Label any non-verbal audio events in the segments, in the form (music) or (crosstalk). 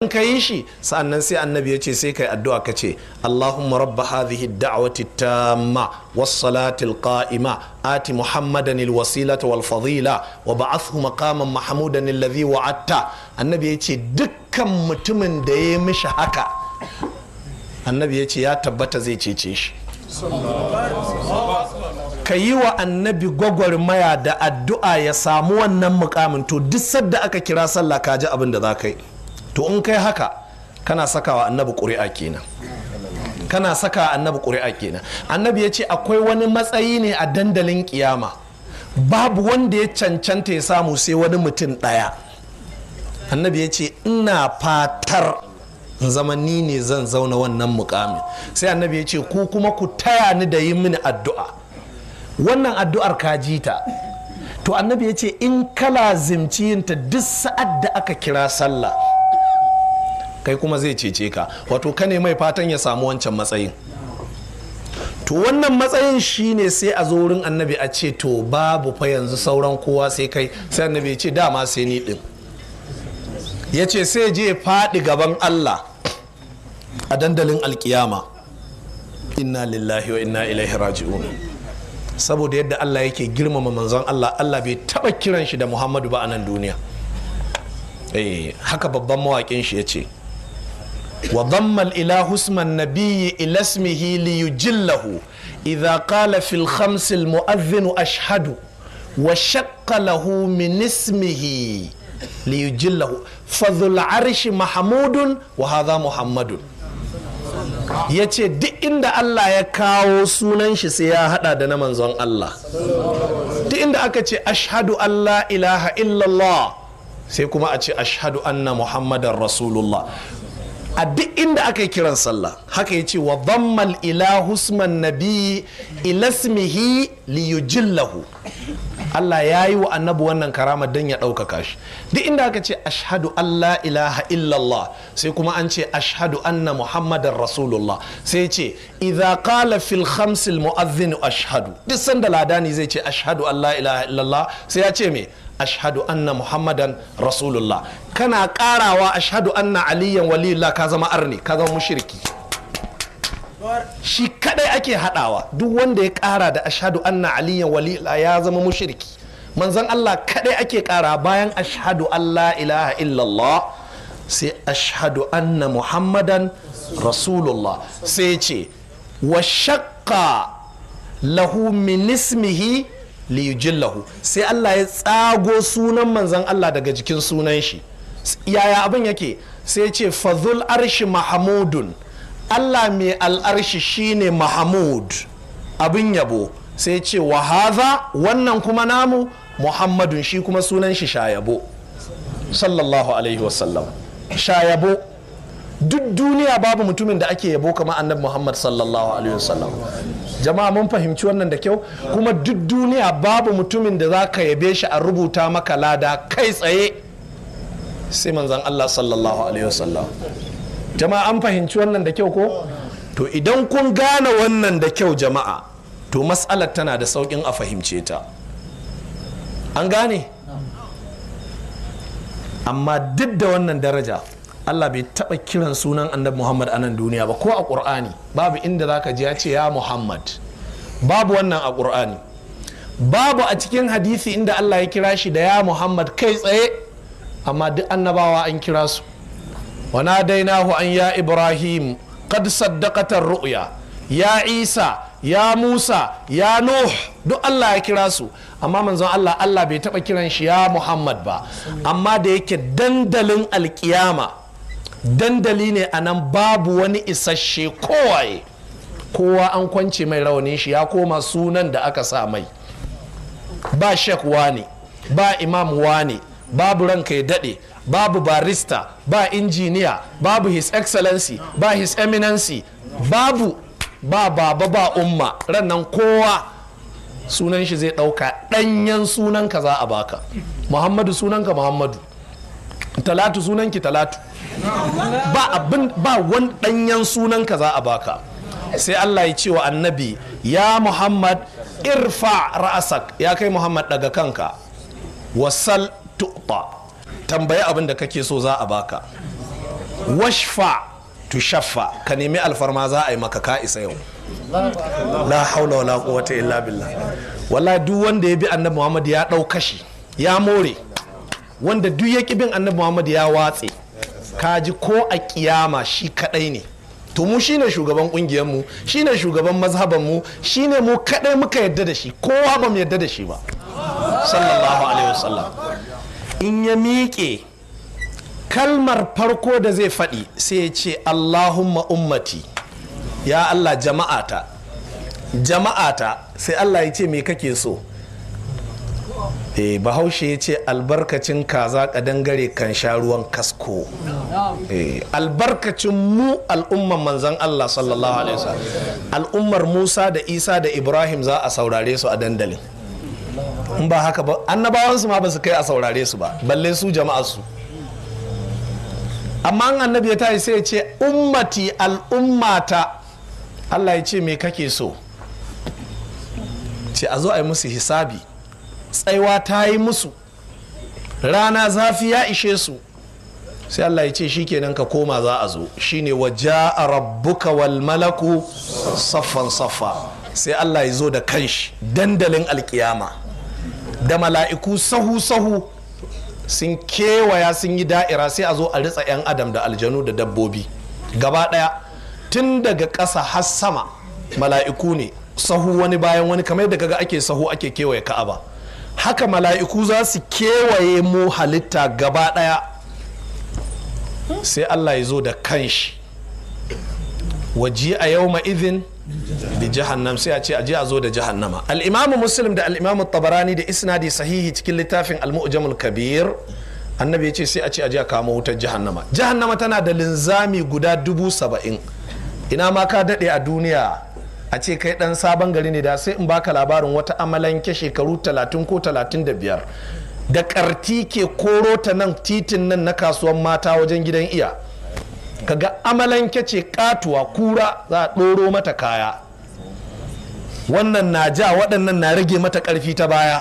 in ka yi shi sa'annan sai annabi ya ce sai kai addu'a ka ce Allahumma rabba hadhihi ad-da'wati tamma was-salati ati Muhammadan al-wasilata wal-fadila wa ba'athhu maqaman mahmudan alladhi wa'atta annabi ya ce dukkan mutumin da ya mishi haka annabi ya ce ya tabbata zai cece shi ka yi wa annabi gwagwarmaya da addu'a ya samu wannan mukamin to duk sadda aka kira sallah ka ji abin da za ka yi to in kai haka kana sakawa annabi ƙuri'a kenan kana saka annabi ƙuri'a kenan annabi ya ce akwai wani matsayi ne a dandalin kiyama babu wanda ya cancanta ya samu sai wani mutum ɗaya annabi ya ce ina fatar zamani ne zan zauna wannan mukamin sai annabi ya ce ku kuma ku taya ni da yi mini addu'a wannan addu'ar ka ji ta to annabi ya ce in ka lazimci yinta duk sa'ad da aka kira sallah kai kuma zai cece ka wato ka mai fatan ya samu wancan matsayin to wannan matsayin shine sai a zo wurin annabi a ce to babu fa yanzu sauran kowa sai kai sai annabi ya ce dama sai ni din ya ce sai je faɗi gaban Allah a dandalin alkiyama inna lillahi wa inna ilaihi raji'un saboda yadda Allah yake girmama manzon Allah Allah bai taba kiran shi da Muhammadu ba a nan duniya eh haka babban mawaƙin shi ya ce wa dhamma ila husman nabiyyi ila ismihi li yujillahu idha qala fil khamsil mu'azzinu ashadu ashhadu wa shaqqa lahu min ismihi li yujillahu fadhul arshi mahmudun wa hadha muhammadun ya ce duk inda Allah ya kawo sunan shi sai ya hada da na manzon Allah duk inda aka ce ashadu Allah ilaha illallah sai kuma a ce ashhadu anna muhammadan rasulullah a duk inda aka yi kiran sallah haka ya ce wa dhammal ila husman nabi ilasmihi liyujillahu Allah ya yi wa annabi wannan karama don ya ɗaukaka shi duk inda aka ce ashadu Allah ilaha illallah sai kuma an ce ashadu anna muhammadan rasulullah sai ce idza qala fil khamsil mu'adhdhin ashadu. duk sanda ladani zai ce ashadu Allah ilaha illallah sai ya ce me ashhadu anna muhammadan rasulullah kana karawa ashhadu anna aliyan waliyullah ka zama arni ka zama mushriki shi kadai ake hadawa duk wanda ya kara da ashhadu anna aliyan waliyullah ya zama mushriki manzon Allah kadai ake kara bayan ashhadu alla ilaha illallah sai ashhadu anna muhammadan rasulullah sai ce wa shakka lahu min ismihi liyujillahu sai Allah ya tsago sunan manzan Allah daga jikin sunan shi yaya abin yake sai ce fazul arshi mahamudun Allah mai al'arshi shine mahamud abin yabo sai ce wa wannan kuma namu muhammadun shi kuma sunan shi shayabo sallallahu alaihi wasallam shayabo duk duniya babu mutumin da ake yabo kamar annabi muhammad sallallahu alaihi wasallam jama'a mun fahimci wannan da kyau kuma duk duniya babu mutumin da za ka yabe shi a rubuta maka lada kai tsaye sai manzan allah sallallahu alaihi wasallam jama'a an fahimci wannan da kyau ko to idan kun gane wannan da kyau jama'a to matsalar tana da saukin a fahimce ta an gane amma duk da wannan daraja Allah bai taba kiran sunan annabi Muhammad a nan duniya ba ko a ƙur'ani babu inda zaka ji ya ce ya Muhammad babu wannan a ƙur'ani. babu a cikin hadisi inda Allah ya kira shi da ya Muhammad kai tsaye amma duk annabawa an kira su wa nadainahu an ya Ibrahim qad saddaqata ru'ya ya Isa ya Musa ya Nuh duk Allah ya kira su amma manzon Allah Allah bai taɓa kiran shi ya Muhammad ba amma da yake dandalin alkiyama dandali ne a nan babu wani isasshe kowaye kowa an kwance mai raunin shi ya koma sunan da aka sa mai ba shek ne, ba imam wane babu ranka ya daɗe babu barista ba injiniya babu his excellency ba his eminency babu ba baba ba umma rannan kowa sunan shi zai ɗauka ɗanyen sunanka za a baka muhammadu sunanka muhammadu talatu sunanki talatu ba abin ba wani danyen sunan ka za a baka sai Allah ya ce wa annabi ya Muhammad irfa ra'asak ya kai Muhammad daga kanka wasal tuɓa tambayi abin da kake so za a baka washfa tushaffa ka nemi alfarma za a yi maka ka isa yau la haula wala quwwata illa billah wallahi duk wanda ya bi annabi Muhammad ya ɗau kashi ya more wanda duk ya bin annabi Muhammad ya watse kaji ko a kiyama shi kadai ne to mu shine shugaban kungiyar mu shine shugaban mazhaban mu shine mu kadai muka yadda da shi kowa ba mu yadda da shi ba sallallahu alaihi wasallam in ya miƙe kalmar farko da zai faɗi sai ya ce allahumma ummati ya allah jama'ata jama'ata sai allah ya ce me kake so eh bahaushe ya ce albarkacin kaza kadangare kan sha ruwan kasko eh, albarkacin mu al'ummar manzan Allah sallallahu alaihi wasallam al'ummar Musa da Isa da Ibrahim za a saurare su a dandalin in ba haka ba annabawansu ma ba su kai a saurare su ba balle su jama'a su amma an annabi ya tashi sai ya ce ummati al'ummata Allah ya ce me kake so ce a zo a yi musu hisabi tsaiwa ta yi musu rana zafi ya ishe su sai Allah ya ce shikenan ka koma za a zo shine wa a rabbuka wal malaku saffan saffa sai Allah ya zo da kanshi dandalin alkiyama da mala'iku sahu sahu sun kewaya sun yi da'ira sai a zo a ritsa 'yan adam da aljanu da dabbobi gaba daya tun daga ƙasa har sama mala'iku ne sahu wani bayan wani kamar daga kaga ake sahu ake kewaye ka'aba haka mala'iku za su kewaye mu halitta gaba ɗaya sai allah ya zo da kanshi waji a yau ma'izin da jahannam sai a ce a zo da jahannama al'imamu muslim da al'imamu tabarani da isnadi sahihi cikin littafin al-mu'jamul kabir annabi ya ce sai a ce aje a kamo wutar jahannama jahannama tana da linzami guda dubu saba'in ina ma ka daɗe a duniya a ce kai dan sabon gari ne da sai in baka labarin wata amalanke shekaru 30 ko 35 da karti ke koro ta nan titin nan na kasuwan mata wajen gidan iya kaga amalanke ce katuwa kura za a ɗoro mata kaya wannan na ja waɗannan na rage mata ƙarfi ta baya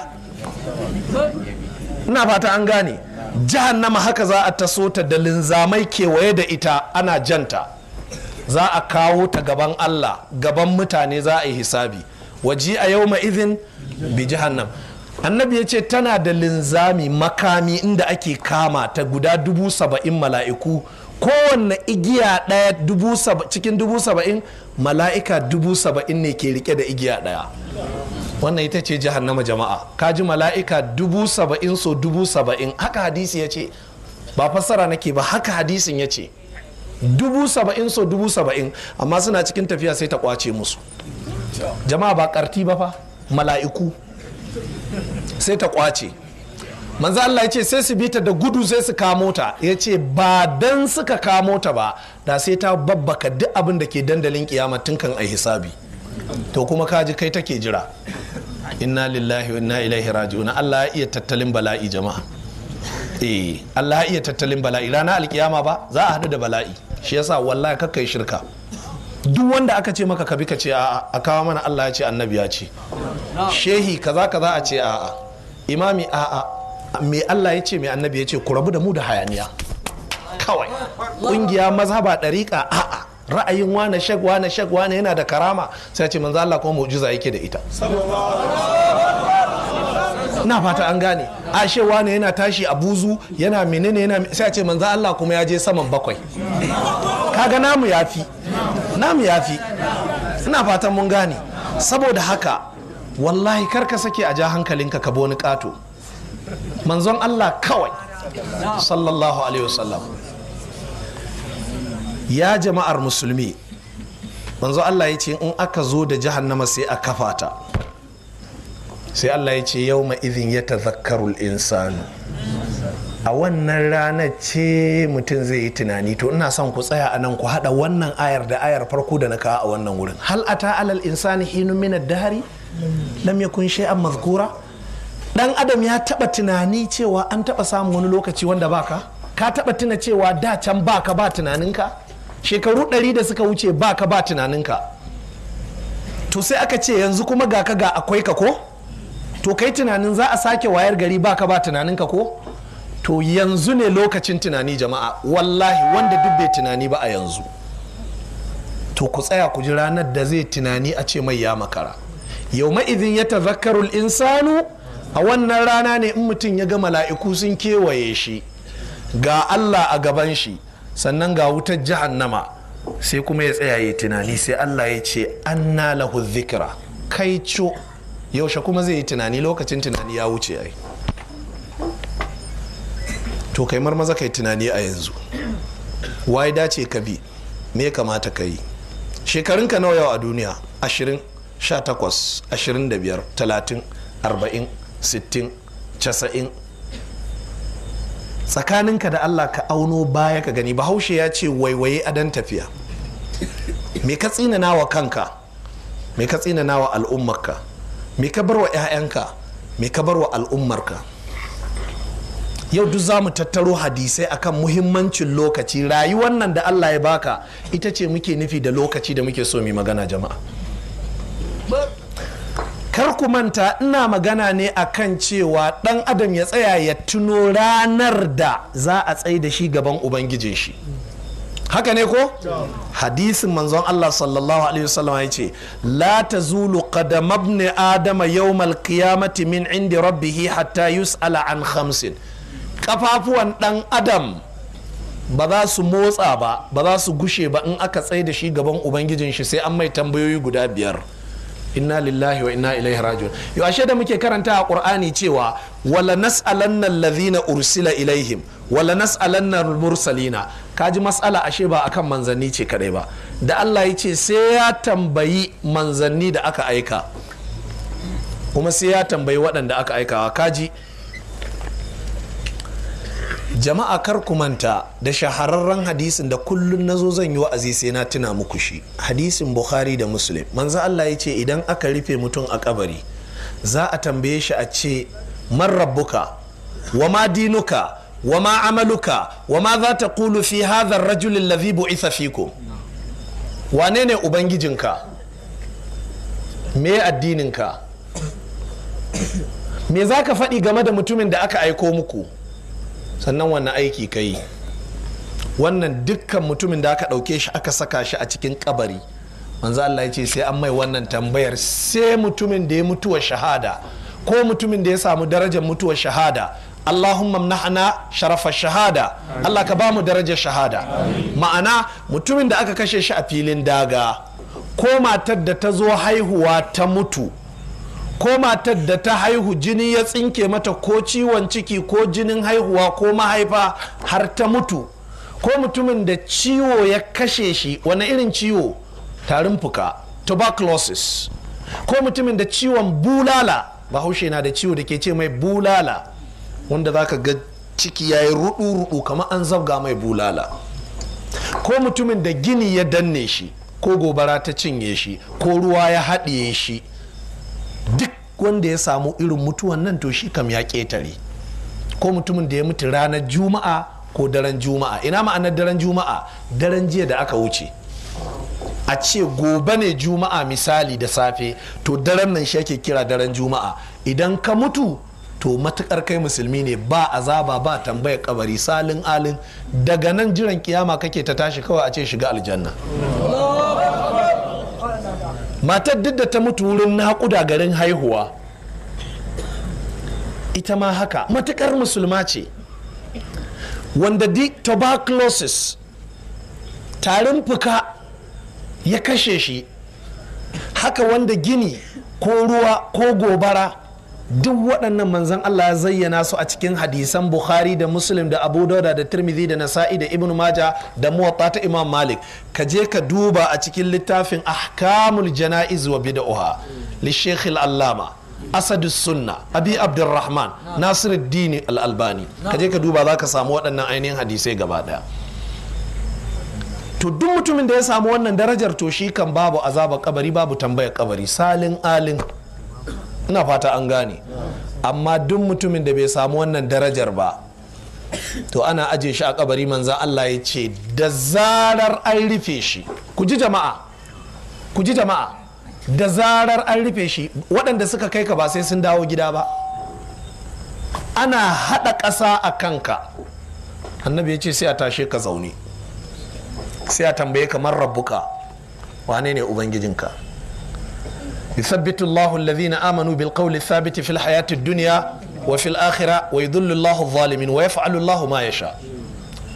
ina fata an gane jahannama haka za a taso ta da linzamai kewaye da ita ana janta za a kawo ta gaban Allah gaban mutane za a yi hisabi waji a yau izin bi jihannam annabi ya ce tana da linzami makami inda ake kama ta guda dubu saba'in mala'iku kowanne igiya ɗaya cikin dubu saba'in mala'ika dubu saba'in ne ke rike da igiya ɗaya wannan ita ce jahannama jama'a kaji mala'ika dubu saba'in so dubu saba'in haka hadisi ya ce ba fassara nake ba haka hadisin ya ce dubu saba'in so dubu saba'in amma suna cikin tafiya sai ta kwace musu jama'a ba karti ba fa mala'iku sai ta kwace manzo Allah ya ce sai su bita da gudu sai su kamo ta ya ce ba dan suka kamo ta ba da sai ta babbaka duk abin da ke dandalin kiyama tun kan ai hisabi to kuma kaji kai take jira inna lillahi wa inna ilaihi raji'un Allah ya iya tattalin bala'i jama'a eh Allah ya iya tattalin bala'i ranar alkiyama ba za a hadu da bala'i shi yasa wallahi kai shirka duk wanda aka ce maka kabi ka ce a'a a kawo mana Allah ya ce annabi ya ce shehi kaza kaza a ce a'a imami a'a me Allah ya ce me annabi ya ce ku rabu da mu da hayaniya kawai kungiya mazhaba dariƙa a'a ra'ayin wane shag wane shag wane yana da karama sai ce manzo Allah ko mu'jiza yake da ita na fata an gane a she wane yana tashi a buzu yana menene yana sai a ce manzo Allah kuma ya je saman bakwai kaga namu yafi namu yafi ina fatan mun gane saboda haka wallahi kar ka sake a ja hankalinka ka boni kato manzon Allah kawai sallallahu alaihi wasallam ya jama'ar musulmi manzo Allah ya ce in aka zo da jahannama sai a kafata ta sai Allah ya ce yau izin ya tazakkarul insanu a wannan ranar ce mutum zai yi tunani to ina son ku tsaya a nan ku haɗa wannan ayar da ayar farko da na kawo a wannan wurin hal ata alal insani hinu minad dahari lam kunshe an mazgura dan adam ya taba tunani cewa an taba samun wani lokaci wanda baka ka taba tuna cewa da can baka ba tunaninka shekaru ɗari da suka wuce baka ba tunaninka to sai aka ce yanzu kuma ga ka ga akwai ka ko to kai tunanin za a sake wayar gari baka ba tunanin ka ko to yanzu ne lokacin tunani jama'a wallahi wanda duk bai tunani ba a yanzu to ku tsaya ku ji ranar da zai tunani a ce mai ya makara yau ma'izin ya tazakkarul insanu a wannan rana ne in mutum ya ga mala'iku sun kewaye shi ga allah a gaban shi sannan ga wutar jahannama sai kuma ya tsaya ya tunani sai allah ya ce anna lahu zikira kai co yaushe kuma zai yi tunani lokacin tunani ya wuce ai to kai maza kai tunani a yanzu wai dace ka bi me kamata ka yi shekarunka nawa yau a duniya 20 18 25 30 40 60 90 tsakaninka da allah ka auno baya ka gani bahaushe ya ce waiwaye adon tafiya me ka tsinana wa kanka me ka tsinana wa al'ummarka me ka bar wa 'ya'yanka me ka bar wa al'ummarka yau duk za mu tattaro hadisai akan muhimmancin lokaci rayuwar nan da allah ya baka ita ce muke nufi da lokaci da muke so mu magana jama'a kar ku manta ina magana ne akan cewa dan adam ya tsaya ya tuno ranar da za a tsaye da shi gaban ubangijin shi haka ne ko hadisin manzon Allah sallallahu alaihi wasallam ya ce la tazulu qadam ibn adama yawmal qiyamati min indi rabbih hatta yus'ala an khamsin kafafuwan dan adam ba za su motsa ba ba za su gushe ba in aka tsaye da shi gaban ubangijin shi sai an mai tambayoyi guda biyar inna lillahi wa inna ilaihi rajiun yau ashe da muke karanta a qur'ani cewa wala nas'alanna alladhina ursila ilaihim wala nas'alanna mursalina kaji matsala ashe ba akan manzanni ce kadai ba da Allah ya ce sai ya tambayi manzanni da aka aika kuma sai ya tambayi waɗanda aka aikawa kaji jama'a kar ku manta da shahararren hadisin da kullum na zo zan yi wa'azi sai na tuna muku shi hadisin bukhari da muslim manzo Allah ya ce idan aka rufe mutum a kabari za a tambaye shi a ce man rabbuka wa ma dinuka wa ma amaluka wa ma za ta kulu fi rajulin lazi bu'isa fiko wane ne ubangijinka me addininka me za ka faɗi game da mutumin da aka aiko muku sannan wannan aiki ka yi wannan dukkan mutumin da aka ɗauke shi aka saka shi a cikin kabari manzo Allah ya ce sai an mai wannan tambayar sai mutumin da ya mutuwa shahada ko mutumin da ya samu darajar mutuwa shahada Allahumma mnahana sharafa shahada Allah ka bamu darajar shahada ma'ana mutumin da aka kashe shi a filin daga ko matar da ta zo haihuwa ta mutu ko matar da ta haihu jini ya tsinke mata ko ciwon ciki ko jinin haihuwa ko mahaifa har ta mutu ko mutumin da ciwo ya kashe shi wani irin ciwo tarin fuka tuberculosis ko mutumin da ciwon bulala bahaushe na da ciwo da ke ce mai bulala wanda za ka ga ciki ya yi rudu-rudu kamar an zabga mai bulala ko mutumin da gini ya danne shi ko gobara ta cinye shi ko ruwa ya haɗiye shi duk wanda ya samu irin mutuwan nan to shi kam ya ƙetare ko mutumin da ya mutu ranar juma'a ko daren juma'a ina ma'anar daren juma'a daren jiya da aka wuce a ce gobe ne juma'a misali da safe to daren nan shi ake kira daren juma'a idan ka mutu to matukar kai musulmi ne ba azaba ba tambayar kabari salin alin daga nan jiran kiyama kake ta tashi kawai a ce shiga aljanna matar duk da ta mutu wurin naƙuda garin haihuwa ita ma haka matukar musulma ce wanda di tuberculosis tarin fuka ya kashe shi haka wanda gini ko ruwa ko gobara duk waɗannan manzan Allah ya zayyana su a cikin hadisan Bukhari da Muslim da Abu Dauda da Tirmidhi da Nasa'i da Ibn Maja da Muwatta ta Imam Malik ka je ka duba a cikin littafin Ahkamul Jana'iz wa Bid'ah li Sheikh Al-Allama Asadu Sunna Abi Abdurrahman Nasiruddin Al-Albani ka je ka duba zaka samu waɗannan ainihin hadisai gaba to duk mutumin da ya samu wannan darajar to shi kan babu azaba kabari babu tambayar kabari salin alin ina fata an gane amma duk mutumin da bai samu wannan darajar ba to ana aje shi a kabari manza Allah ya ce da zarar an rufe shi ku ji jama'a ku ji jama'a da zarar an rufe shi waɗanda suka kai ka ba sai sun dawo gida ba ana haɗa ƙasa a kanka annabi ya ce sai a tashe ka zaune sai a tambaye kamar rabbuka wane ne ubangijinka يثبت الله الذين آمنوا بالقول الثابت في الحياة الدنيا وفي الآخرة ويذل الله الظالمين ويفعل الله ما يشاء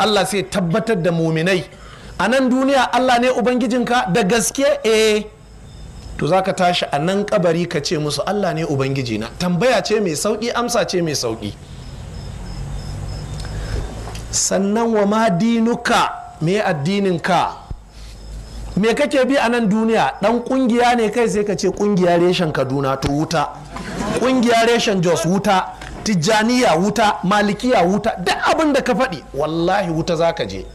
الله سيثبت المؤمنين أنا duniya Allah ne ubangijinka da gaske eh to zaka tashi a nan kabari ka ce musu Allah ne ubangijina tambaya ce mai sauki amsa ce mai sauki sannan wa ma dinuka me addininka me kake bi a nan duniya dan kungiya ne kai sai ka ce kungiya reshen kaduna to wuta kungiya reshen jos wuta tijjaniya wuta malikiya wuta duk abin da ka faɗi wallahi wuta za ka je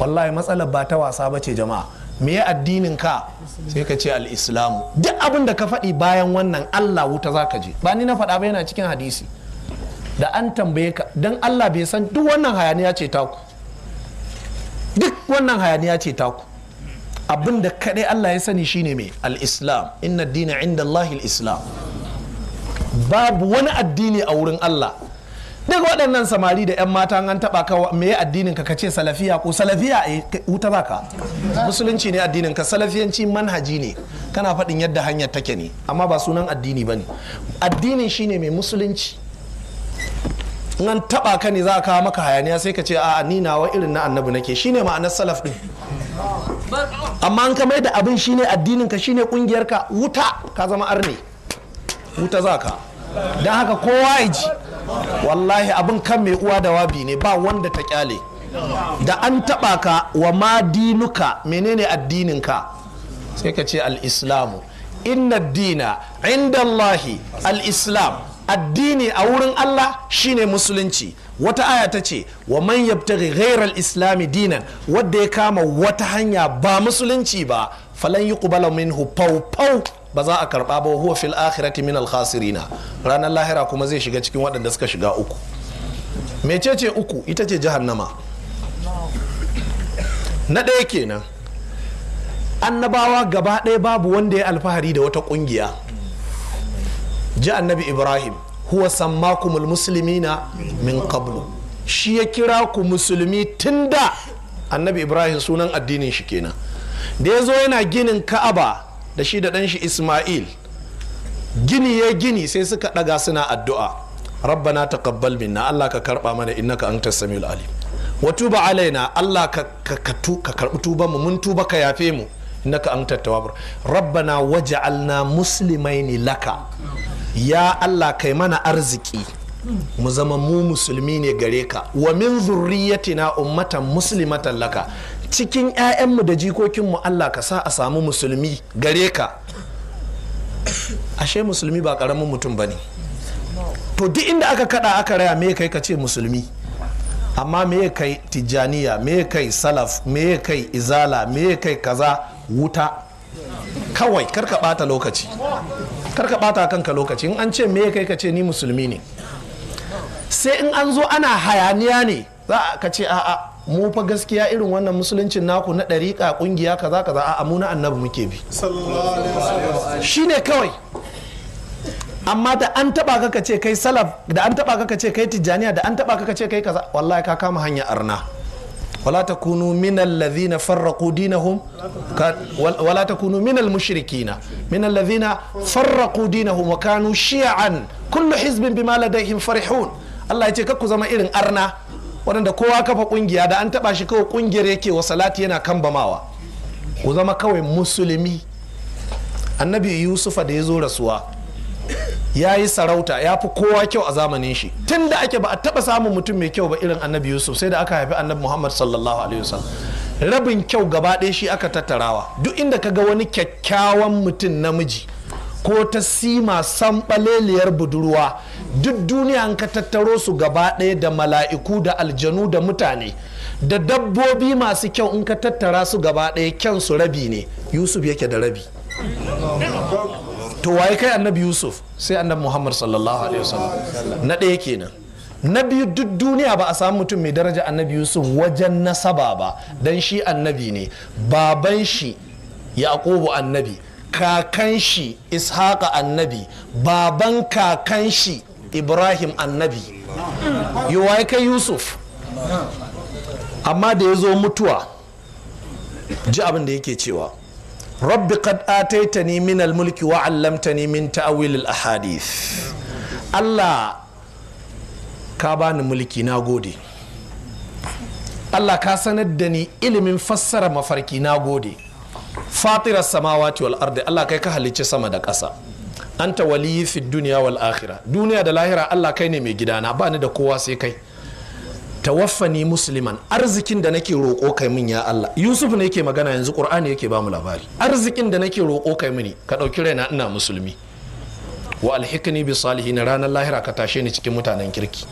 wallahi matsalar ba ta wasa ba ce jama'a me addinin ka sai ka ce al'islamu duk abin da ka faɗi bayan wannan allah wuta za ka je ba ni na faɗa ba yana cikin hadisi da an tambaye ka don allah bai san duk wannan hayaniya ce taku duk wannan hayaniya ce taku abin da kaɗai Allah ya sani shine mai al-islam inna dina inda Allahil islam babu wani addini a wurin Allah duk waɗannan samari da 'yan mata an taɓa ka me addinin ka kace salafiya ko salafiya eh, wuta ba musulunci ne addinin ka salafiyanci manhaji ne kana faɗin yadda hanyar take ne amma ba sunan addini ba ne addinin shine mai musulunci an taɓa ka ne za a kawo maka hayaniya sai ka ce a ni nawa irin na annabi nake shine ma'anar salaf ɗin amma ka mai da abin shine addinin ka shine kungiyar ka wuta ka zama arne wuta za ka don haka kowa ya ji wallahi abin kan mai uwa da wabi ne ba wanda ta kyale da an taba ka wa ma dinuka menene addinin ka sai ka ce al-islamu inna dina inda Allahi al-islam addini a wurin Allah shine musulunci wata aya ta ce wa man yabtaghi ghairal islami dinan wanda ya kama wata hanya ba musulunci ba falan yuqbala minhu pau pau ba za a karba ba huwa fil akhirati min al ranar lahira kuma zai shiga cikin waɗanda suka shiga uku mecece uku ita ce jahannama na ɗaya kenan annabawa gaba ɗaya babu wanda ya alfahari da wata ƙungiya ji annabi ibrahim huwa sammakumul muslimina min qablu shi ya kira ku musulmi tun da annabi ibrahim sunan addinin shi kenan da ya zo yana ginin ka'aba da shi da dan shi isma'il gini ya gini sai suka daga suna addu'a rabbana taqabbal minna allah ka karba mana innaka anta samiul alim wa tuba alaina allah ka karɓi tuban mu mun tuba ka yafe mu innaka anta tawwab rabbana waj'alna muslimaini laka ya Allah kai mana arziki mu zama mu musulmi ne gare ka wa min zurriyatina ummatan muslimatan laka cikin 'ya'yanmu da jikokinmu Allah ka sa a samu musulmi gare ka ashe musulmi ba karamin mutum ba ne to duk inda aka kada aka raya me kai ka ce musulmi amma me kai tijjaniya me kai salaf me kai izala me kai kaza wuta kawai karka bata lokaci kar ka bata kanka lokaci in an ce me kai ka ce ni musulmi ne sai in an zo ana hayaniya ne za ka ce a'a mu fa gaskiya irin wannan musuluncin naku na ɗariƙa ƙungiya kaza kaza a'a mu annabi muke bi shine kawai amma da an taba ka ce kai salaf da an taba ka ce kai tijjaniya da an taba ka ce kai kaza wallahi ka kama hanya arna Walata kunu minal ladhina farraku dinahum wala takunu minal mushrikina minal ladhina farraqu dinahum wa kanu shi'an kullu hizbin bima ladaihim farihun Allah ya ce ku zama irin arna waɗanda kowa kafa kungiya da an taba shi kawai kungiyar yake wa salati yana kambamawa ku zama kawai musulmi annabi yusufa da ya zo rasuwa ya yi sarauta ya fi kowa kyau a zamanin shi tun da ake ba a taba samun mutum mai kyau ba irin annabi yusuf sai da aka haifi annabi muhammad sallallahu alaihi wasallam rabin kyau gaba ɗaya shi aka tattarawa duk inda ka ga wani kyakkyawan mutum namiji ko ta sima baleliyar budurwa duk duniya ka tattaro su gaba ɗaya da mala'iku da aljanu da mutane da dabbobi masu kyau in ka tattara su gaba ɗaya kyan su rabi ne yusuf yake da rabi to waye kai annabi yusuf sai annabi muhammad sallallahu alaihi wasallam na ɗaya kenan na biyu duk duniya ba a samu mutum mai daraja annabi yusuf wajen nasaba ba dan shi annabi ne baban shi yaqubu annabi kakan shi ishaqa annabi baban kakan shi ibrahim annabi yi waye kai yusuf amma da ya zo mutuwa ji abin da yake cewa rabbi qad ataitani min al-mulki wa ni min ta'wil al-ahadith Allah ka bani mulki na gode Allah ka sanar da ni ilimin fassara mafarki na gode fatirar samawati wal ardi Allah kai ka halicci sama da ƙasa anta waliyyi fi duniya wal akhirah duniya da lahira Allah kai ne mai gidana bani da kowa sai kai tawaffani musliman arzikin da nake roƙo kai min ya Allah Yusuf ne yake magana yanzu Qur'ani yake ba mu labari arzikin da nake roƙo kai mini ka ɗauki raina ina musulmi wa alhikni bi salihin ranar lahira ka tashe ni cikin mutanen kirki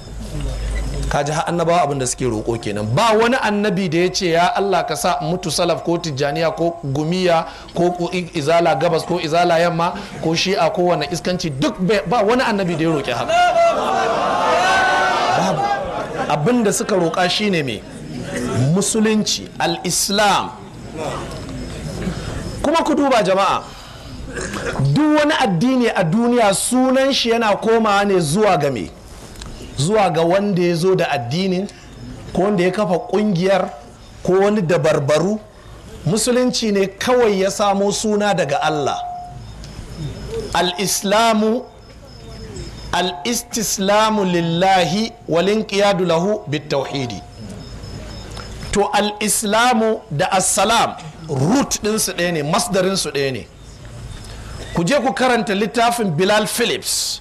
ka ji har annabawa abin da suke roƙo kenan ba wani annabi da ya ce ya Allah ka sa mutu salaf ko tijjaniya ko gumiya ko izala gabas ko izala yamma ko shi'a ko wani iskanci duk ba wani annabi da ya roƙi haka abin da suka roƙa shine mai musulunci al-islam kuma ku duba jama'a duk wani addini a duniya sunan shi yana komawa ne zuwa ga me zuwa ga wanda ya zo da addinin ko wanda ya kafa kungiyar ko wani dabarbaru musulunci ne kawai ya samo suna daga allah al-islamu al-istislamu lillahi walinqiyadu lahu bitauhidi to al-islamu da assalam root ɗinsu ɗaya ne masdarinsu ɗaya ne ku je ku karanta littafin bilal phillips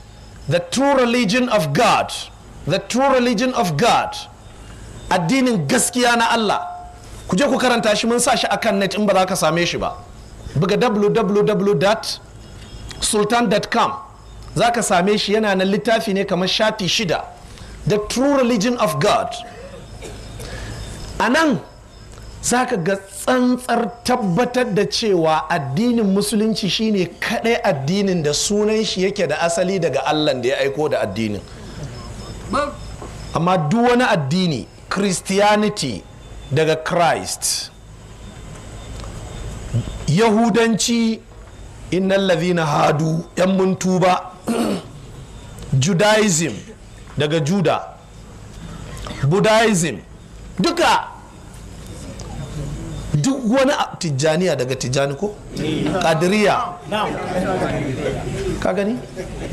the true religion of god the true religion of god addinin gaskiya na allah ku je ku karanta shi mun sa shi akan net in ba za ka same shi ba buga www.sultan.com za ka same shi yana nan littafi ne kamar shafi shida the true religion of god a nan za ka ga tsantsar tabbatar da cewa addinin musulunci shine kadai addinin da sunan shi yake da asali daga allah da ya aiko da addinin amma duk wani addini christianity daga christ yahudanci innan na hadu yan mun tuba (coughs) judaism daga juda budaism duka duk wani tijjaniya daga tijjani ko kadiriya ka gani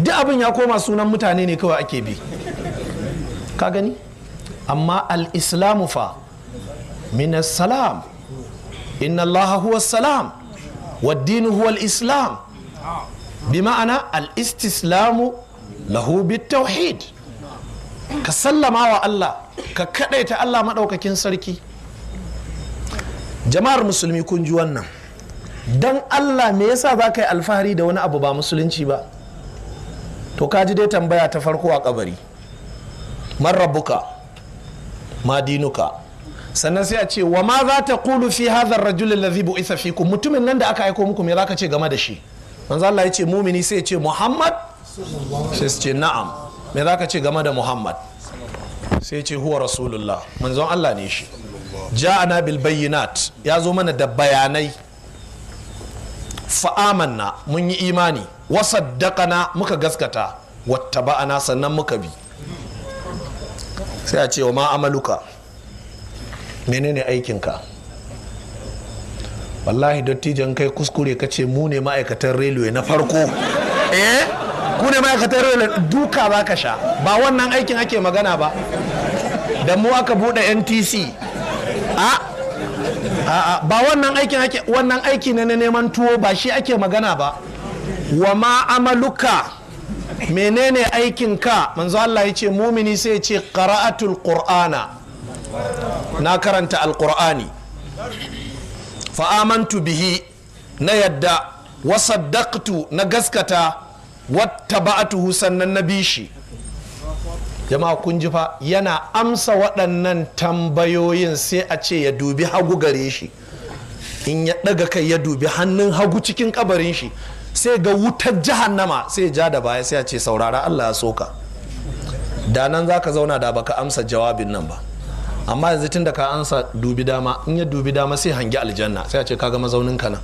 duk abin ya koma sunan mutane ne kawai ake bi ka gani amma al-islamu fa min salam inna allaha huwa salam huwa al-islam bi ma'ana al-istislamu lahu tauhid ka sallama wa Allah ka ta Allah maɗaukakin sarki jama'ar musulmi kun ji wannan dan Allah me yasa za ka yi alfahari da wani abu ba musulunci ba to ka ji dai tambaya ta farko a kabari man rabbuka ma dinuka sannan sai a ce wa ma za ta kulu fi hadha rajul alladhi fi ku? mutumin nan da aka aiko muku me za ka ce game da shi manzo Allah ya ce mumini sai ce Muhammad sai ce na'am me za ka ce game da Muhammad sai ce huwa rasulullah manzon Allah ne shi ja'ana bil bayyinat ya zo mana da bayanai fa'amanna mun yi imani dakana muka gaskata wattaba'ana sannan muka bi sai a ce wa ma amaluka menene aikinka wallahi dattijan kai kuskure ka ce mu ne ma'aikatan railway na farko eh ku ne ma'aikatan railway duka ba ka sha ba wannan aikin ake magana ba da mu aka bude ntc a ba wannan aikin ake wannan aiki ne na neman tuwo ba shi ake magana ba wa ma amaluka menene aikin ka manzo Allah ya ce mumini sai ya ce qara'atul qur'ana na karanta alqur'ani fa'amantu bihi na yadda wasaddaqtu na gaskata wata wattaba'atuhu sannan na bi shi jama'a kun ji fa yana amsa waɗannan tambayoyin sai a ce ya dubi hagu gare shi in ya ɗaga kai ya dubi hannun hagu cikin kabarin shi sai ga wutar jahannama sai ja da baya sai a ce saurara Allah ya soka da nan za ka zauna da baka amsa jawabin nan ba amma yanzu tun da ka ansa dubi dama in ya dubi dama sai hangi aljanna sai a ce kaga mazaunin ka nan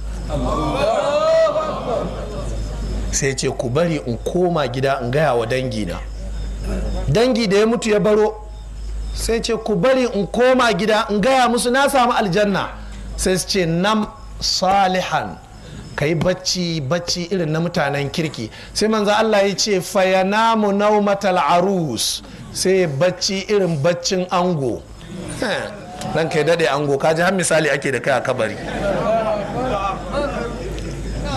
sai ce ku bari in koma gida in gaya wa dangi na dangi da ya mutu ya baro sai ce ku bari in koma gida in gaya musu na samu aljanna sai su ce nam salihan ka yi bacci bacci irin na mutanen kirki sai manza Allah ya ce fayanamu naumatal arus sai bacci irin baccin ango nan eh, kai daɗe ango ka ji har misali ake da kai a kabari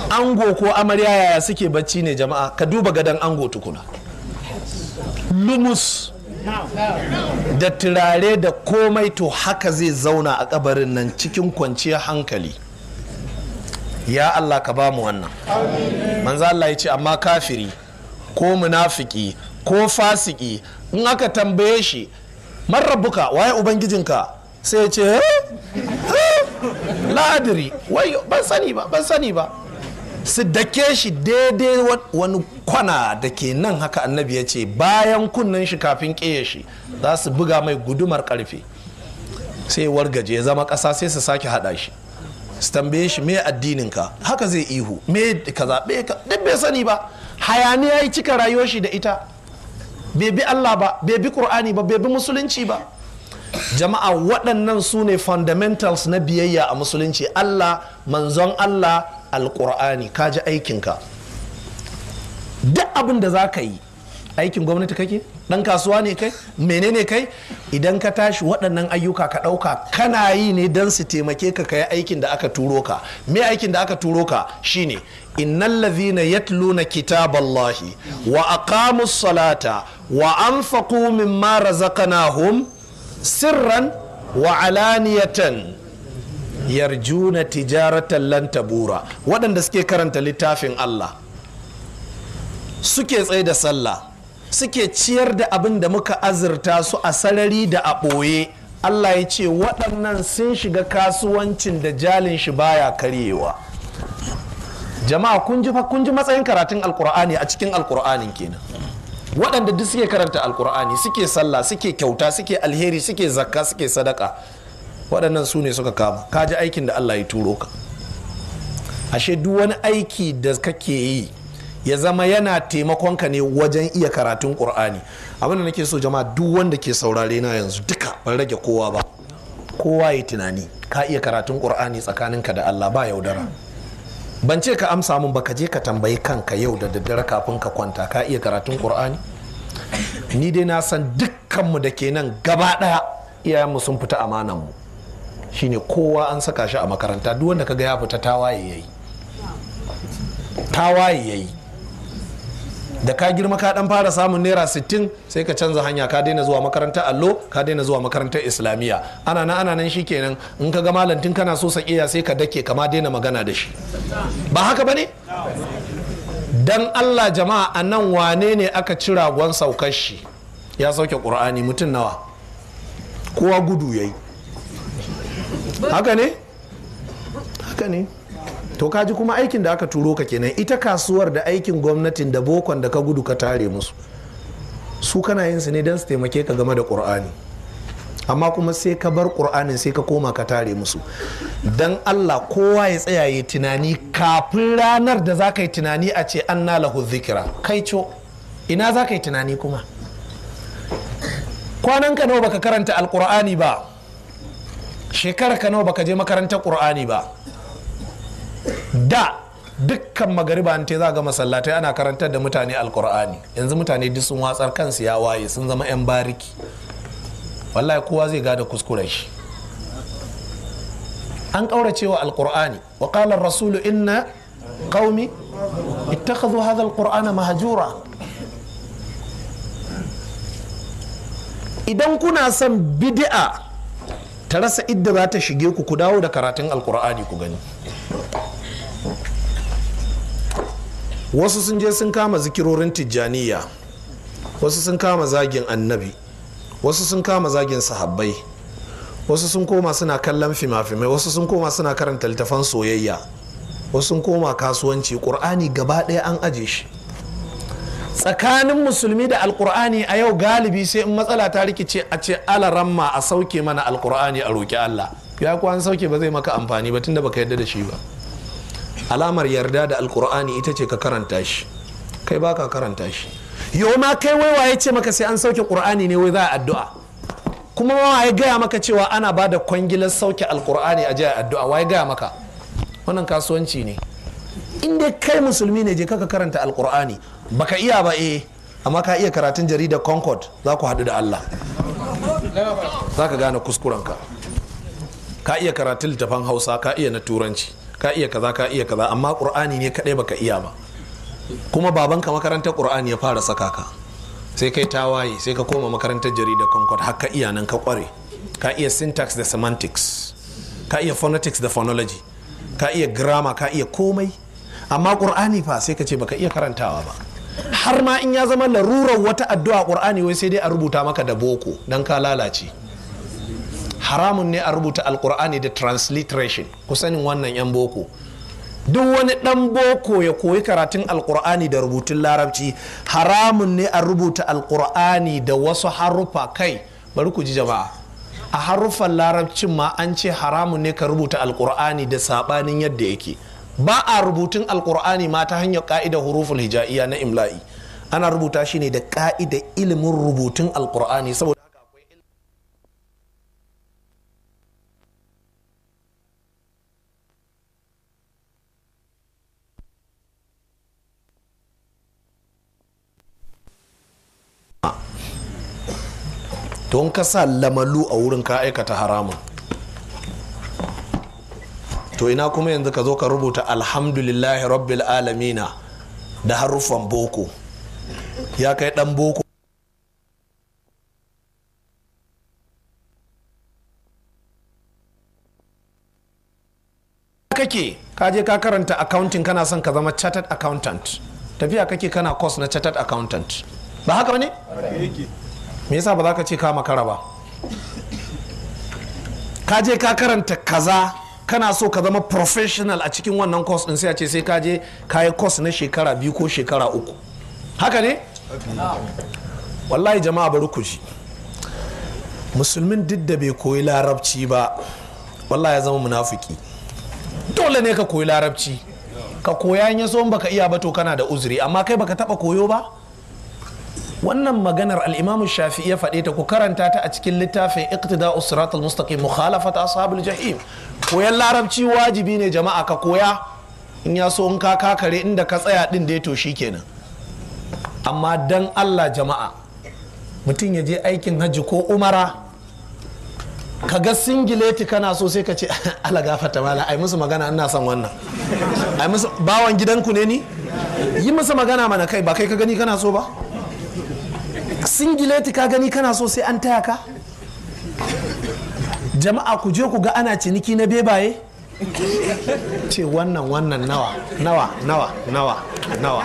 ango ko amarya yaya suke bacci ne jama'a ka duba gadon ango tukuna lumus da turare da komai to haka zai zauna a kabarin nan cikin kwanciyar hankali ya Allah ka ba mu wannan manzo Allah ya ce amma kafiri ko munafiki ko fasiki in aka tambaye shi man rabbuka waye ubangijinka sai ya ce ladiri eh, eh, wai ban sani ba ban sani ba su dake shi daidai wani kwana da ke nan haka annabi ya ce bayan kunnen shi kafin ƙeya shi za su buga mai gudumar karfe sai wargaje ya zama ƙasa sai su sake haɗa shi su tambaye shi me addininka haka zai ihu me ka zaɓe ka duk bai sani ba hayaniya ya cika rayuwar shi da ita bai bi Allah ba bai bi Qur'ani ba bai bi musulunci ba jama'a waɗannan su ne fundamentals na biyayya a musulunci Allah manzon Allah alƙur'ani ka ji aikinka duk abin da za ka yi aikin gwamnati kake ɗan kasuwa ne kai menene kai idan ka tashi waɗannan ayyuka ka ɗauka kana yi ne don su taimake ka kai aikin da aka turo ka me aikin da aka turo ka shine innal ladhina yatluna kitaballahi wa aqamus salata wa mara zakana razaqnahum sirran wa alaniyatan yarjuna tijaratan lantabura. waɗanda suke karanta littafin Allah suke tsaye da sallah suke ciyar da abin da muka azurta su a sarari da a ɓoye Allah ya ce waɗannan sun shiga kasuwancin da jalin shi baya karyewa jama'a kun ji matsayin karatun alkur'ani a cikin alkur'anin kenan waɗanda duk suke karanta alkur'ani suke sallah suke kyauta suke alheri suke zakka suke sadaka waɗannan su ne suka kama ka ji aikin da Allah ya turo ka ashe duk wani aiki da kake yi ya zama yana taimakon ka ne wajen iya karatun qur'ani abin da nake so jama'a duk wanda ke saurare na yanzu duka ban rage kowa ba kowa ya tunani ka iya karatun qur'ani tsakaninka da Allah ba yaudara ban ce ka amsa mun ba ka je ka tambayi kanka yau da daddare kafin ka kwanta ka iya karatun qur'ani ni dai na san dukkanmu da ke nan gaba ɗaya iyayenmu sun fita amanan mu shine kowa an saka shi a makaranta duk wanda kaga ya fita tawaye yayi tawaye yayi da ka girma ka dan fara samun naira sittin sai ka canza hanya ka daina zuwa makaranta allo ka daina zuwa makarantar islamiyya ana nan ana nan shikenan in ka ga malantin kana so sakiya sai ka dake kama daina magana da shi ba haka bane dan Allah jama'a a nan wane ne aka ci ragon saukar shi ya sauke qur'ani mutum nawa kowa gudu yayi haka ne haka ne to kaji kuma aikin da aka turo ka kenan ita kasuwar da aikin gwamnatin da bokon da ka gudu ka tare musu su kana yin su ne don su taimake ka game da ƙur'ani amma kuma sai ka bar ƙur'ani sai ka koma ka tare musu don allah kowa ya tsaya ya tunani kafin ranar da za ka yi tunani a ce an lahu zikira kai co ina za ka yi tunani kuma kwanan ka nawa baka karanta alƙur'ani ba shekarar ka nawa baka je makarantar ƙur'ani ba da dukkan magariba an te za ga masallatai ana karantar da mutane alkur'ani yanzu mutane duk sun watsar kansu ya waye sun zama 'yan bariki wallahi kowa zai gada kuskure shi an ƙaurace wa alkur'ani wa ƙalar rasulu inna ƙaumi ittakhadhu hadha alqur'ana mahjura idan kuna son bidi'a ta rasa idda za ta shige ku ku dawo da karatun alkur'ani ku gani wasu sun je sun kama zikirorin tijjaniya wasu sun kama zagin annabi wasu sun kama zagin sahabbai wasu sun koma suna kallon fimafimai fimai wasu sun koma suna karanta littafan soyayya wasu sun koma kasuwanci ƙur'ani gaba ɗaya an aje shi tsakanin musulmi da alƙur'ani a yau galibi sai in matsala ta rikice a ce alaramma a sauke mana alkur'ani a roƙi allah ya kuwa an sauke ba zai maka amfani ba tunda baka yadda da shi ba alamar yarda da alkur'ani ita ce ka karanta shi kai baka karanta shi yau ma kai wai waye ce maka sai an sauke qur'ani ne wai za a addu'a kuma waye gaya maka cewa ana ba da kwangilar sauke alkur'ani a jiya addu'a waye gaya maka wannan kasuwanci ne in kai musulmi ne je ka karanta alkur'ani baka iya ba eh amma ka iya karatun jaridar concord za ku haɗu da allah za ka gane kuskurenka ka iya karatun littafan hausa ka iya na turanci ka iya kaza ka iya kaza amma qur'ani ne kadai baka iya ba kuma babanka makarantar qur'ani ya fara saka ka sai kai tawaye sai ka koma makarantar jarida concord har ka iya nan ka kware ka iya syntax da semantics ka iya phonetics da phonology ka iya grammar ka iya komai amma qur'ani fa sai ka ce baka iya karantawa ba har ma in ya zama larurar wata addu'a qur'ani wai sai dai a rubuta maka da boko dan ka lalace haramun ne a rubuta alkur'ani da transliteration ku sanin wannan yan boko duk wani dan boko ya koyi karatun alkur'ani da rubutun larabci haramun ne a rubuta alkur'ani da wasu haruffa kai bari ku ji jama'a a haruffan larabcin ma an ce haramun ne ka rubuta alkur'ani da sabanin yadda yake ba a rubutun alkur'ani ma ta hanyar ka'idar hurufin hijaiya na imla'i ana rubuta shi ne da ka'idar ilimin rubutun alkur'ani saboda don ka sa lamalu a wurin ka aikata haramun to ina kuma yanzu ka zo ka rubuta alhamdulillahi rabbil alamina da haruffan boko ya kai dan boko kake ka je ka karanta accounting kana son ka zama chartered accountant tafiya kake kana course na chartered accountant ba haka ne? me yasa ba za ka ce ka makara ba ka je ka karanta kaza kana so ka zama professional a cikin wannan course din sai a ce sai ka je ka yi course na shekara biyu ko shekara uku haka ne wallahi jama'a bari ku ji musulmin duk da bai koyi larabci ba wallahi ya zama munafiki dole ne ka koyi larabci ka koya in ya so baka iya ba to kana da uzuri amma kai baka taba koyo ba wannan maganar al'imamu shafi shafi'i ya faɗe ta ku karanta ta a cikin littafin iqtida usratul mustaqim mukhalafat ashabul jahim koyan larabci wajibi ne jama'a ka koya in ya so in ka kakare inda ka tsaya din da ya to kenan amma dan Allah jama'a mutum ya je aikin hajji ko umara ka ga singileti kana so sai ka ce (laughs) ala gafata mala ai musu magana ina son wannan ai musu bawan gidanku ne ni yi musu magana mana kai ba kai ka gani kana so ba singileti ka gani kana so sai an taya ka jama'a ku je ku ga ana ciniki na bebaye ce wannan wannan nawa nawa nawa nawa nawa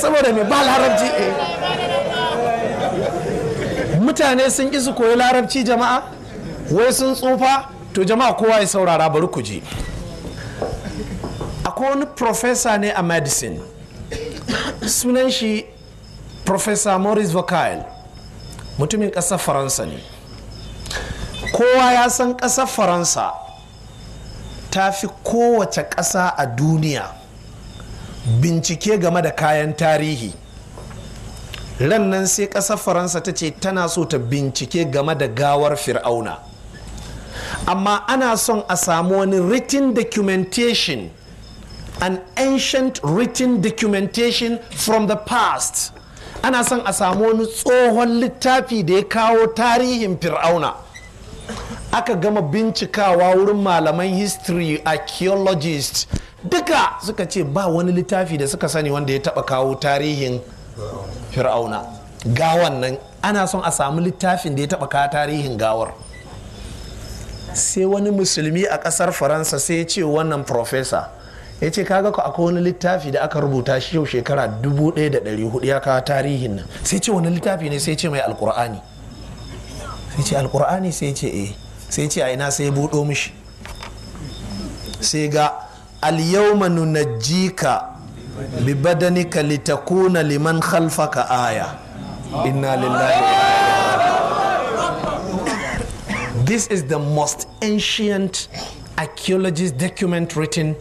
saboda mai ba larabci eh. mutane sun isu koyi larabci jama'a wai sun tsufa to jama'a kowa ya saurara bari ku je. akwai wani profesa ne a medicine sunan shi professor maurice vocal mutumin ƙasar faransa ne kowa ya san ƙasar faransa ta fi kowace ƙasa a duniya bincike game da kayan tarihi rannan sai ƙasar faransa ta ce tana so ta bincike game da gawar fir'auna amma ana son a samu wani written documentation an ancient written documentation from the past ana son a samu wani tsohon littafi da ya kawo tarihin fir'auna aka gama bincikawa wurin malaman history archaeologist duka suka ce ba wani littafi da suka sani wanda ya taba kawo tarihin fir'auna gawan nan ana son a samu littafin da ya taba kawo tarihin gawar sai wani musulmi a kasar faransa sai ya ce wannan professor ya ce kaga ku akwai wani littafi da aka rubuta shi yau shekara 1400 ya kawo tarihin nan sai ce wani littafi ne sai ce mai alkur'ani sai ce alkur'ani sai ce eh sai ce a ina sai buɗo mishi sai ga alyawma nunajjika bi badanika litakuna liman khalfaka aya inna lillahi this is the most ancient archaeologist document written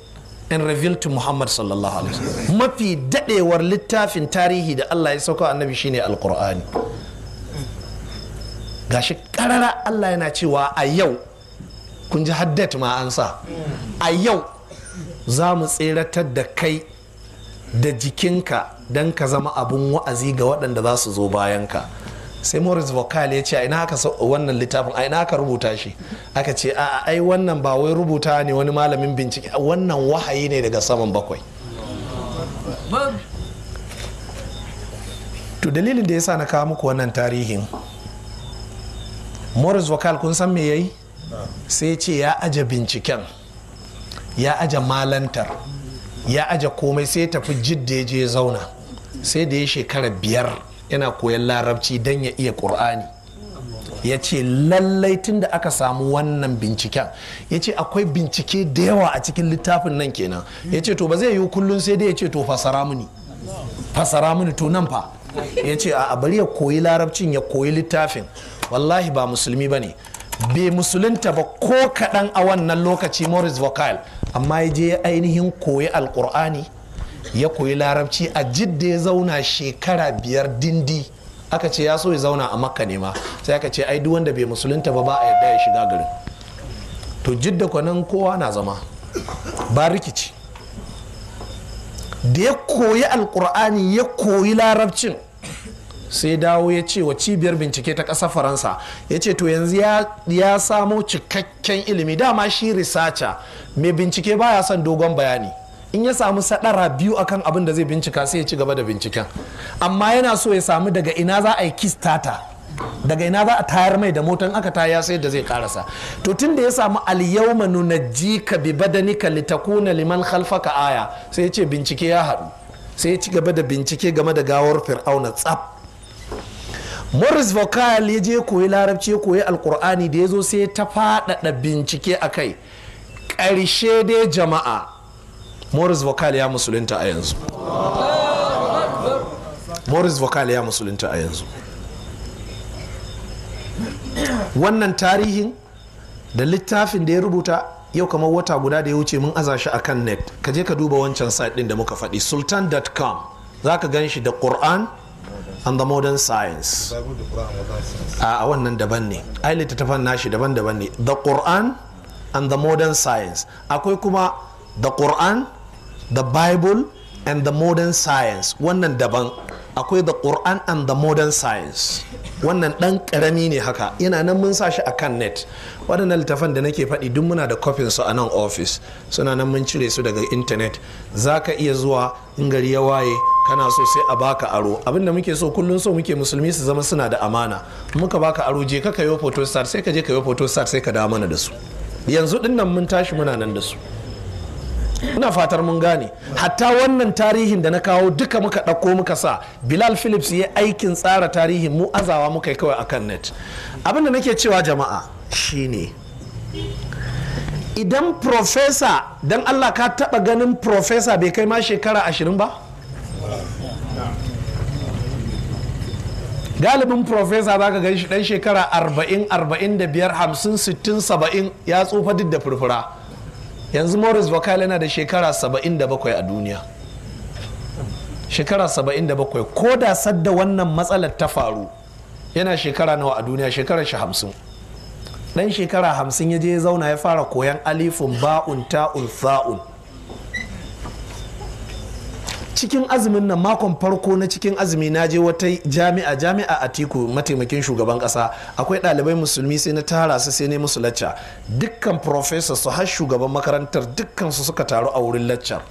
in revealed to Muhammad sallallahu alaihi wasallam mafi dadewar littafin tarihi da Allah ya sauka annabi shine alqur'ani gashi karara Allah yana cewa a yau kun ji haddat ma an sa a yau za mu tseratar da kai da jikinka don ka zama abun wa'azi ga waɗanda za su zo bayanka sai morris vocal ya ce a ina aka wannan littafin a ina aka rubuta shi aka ce a ai wannan ba wai rubuta ne wani malamin bincike wannan wahayi ne daga saman bakwai to dalilin da ya sa na kawo muku wannan tarihin morris vocal kun san me yayi sai ce ya aje binciken ya aje malantar ya aje komai sai tafi jidda ya je zauna sai da ya shekara biyar yana koyan larabci don ya iya ƙur'ani ya ce lallai tun da aka samu wannan binciken ya ce akwai bincike da yawa a cikin littafin nan kenan ya ce to ba zai yi kullum sai dai ya ce to fasara mini fasara mini to nan fa ya ce a bari ya koyi larabcin ya koyi littafin wallahi ba musulmi ba ne bai musulunta ba ko kaɗan a wannan lokaci morris vocal amma ya je ainihin koyi alkur'ani ya koyi larabci a jidda ya zauna shekara biyar dindi aka ce ya so ya zauna a makka ne ma sai aka ce ai duk wanda bai musulunta ba ba a yarda ya shiga garin to jidda kwanan kowa na zama ba rikici da ya koyi alkur'ani ya koyi larabcin sai dawo ya ce wa cibiyar bincike ta ƙasar faransa ya ce to yanzu ya samo cikakken ilimi dama shi risacha mai bincike baya son dogon bayani in ya samu sadara biyu akan abin da zai bincika sai ya ci gaba da binciken amma yana so ya samu daga ina za a yi kiss daga ina za a tayar mai da motan aka taya sai da zai karasa to tun da ya samu alyawma nunajjika bi badanika litakuna liman khalfaka aya sai ya ce bincike ya haɗu sai ya ci gaba da bincike game da gawar fir'auna tsaf morris vocal ya je koyi larabci ya koyi alkur'ani da ya zo sai ta faɗaɗa bincike a kai ƙarshe dai jama'a morris vocal ya musulunta a yanzu morris vocal ya musulunta a yanzu wannan tarihin da littafin da ya rubuta yau kamar wata guda da ya wuce mun aza shi a kan net ka je ka duba wancan site din da muka faɗi sultan.com za ka gan shi da quran and the modern science a wannan daban ne ai littattafan nashi daban-daban ne the quran and the modern science akwai kuma the quran the bible and the modern science wannan daban akwai the quran and the modern science wannan dan karami ne haka yana nan mun sa shi a kan net waɗannan littafan da nake faɗi duk muna da kofin su a nan office suna nan mun cire su daga internet za ka iya zuwa in gari ya waye kana so sai a baka aro abinda muke so kullum so muke musulmi su zama suna da amana muka baka aro je ka kayo star sai ka je ka kayo star sai ka dawo mana da su yanzu dinnan mun tashi muna nan da su ina fatar mun gane hatta wannan tarihin da na kawo duka muka ɗauko muka sa bilal phillips ya aikin tsara tarihin mu azawa muka yi kawai akan net abin nake cewa jama'a shine idan profesa don allah ka taba ganin profesa bai kai ma shekara ashirin ba galibin profesa za ka gan shi dan shekara arba'in arba'in da biyar hamsin ya tsufa duk da furfura yanzu morris vocal yana da shekara 77 a duniya shekara 77 ko da sadda wannan matsalar ta faru yana shekara nawa a duniya shekarar shi hamsin dan shekara hamsin ya je ya zauna ya fara koyan alifun ba'un ta'un sa'un cikin azumin nan makon farko na cikin azumi na je wata jami'a jami'a a tiku mataimakin shugaban kasa akwai ɗalibai musulmi sai na tara su sai ne musu lacca dukkan professor su har shugaban makarantar dukkan su suka taru a wurin laccar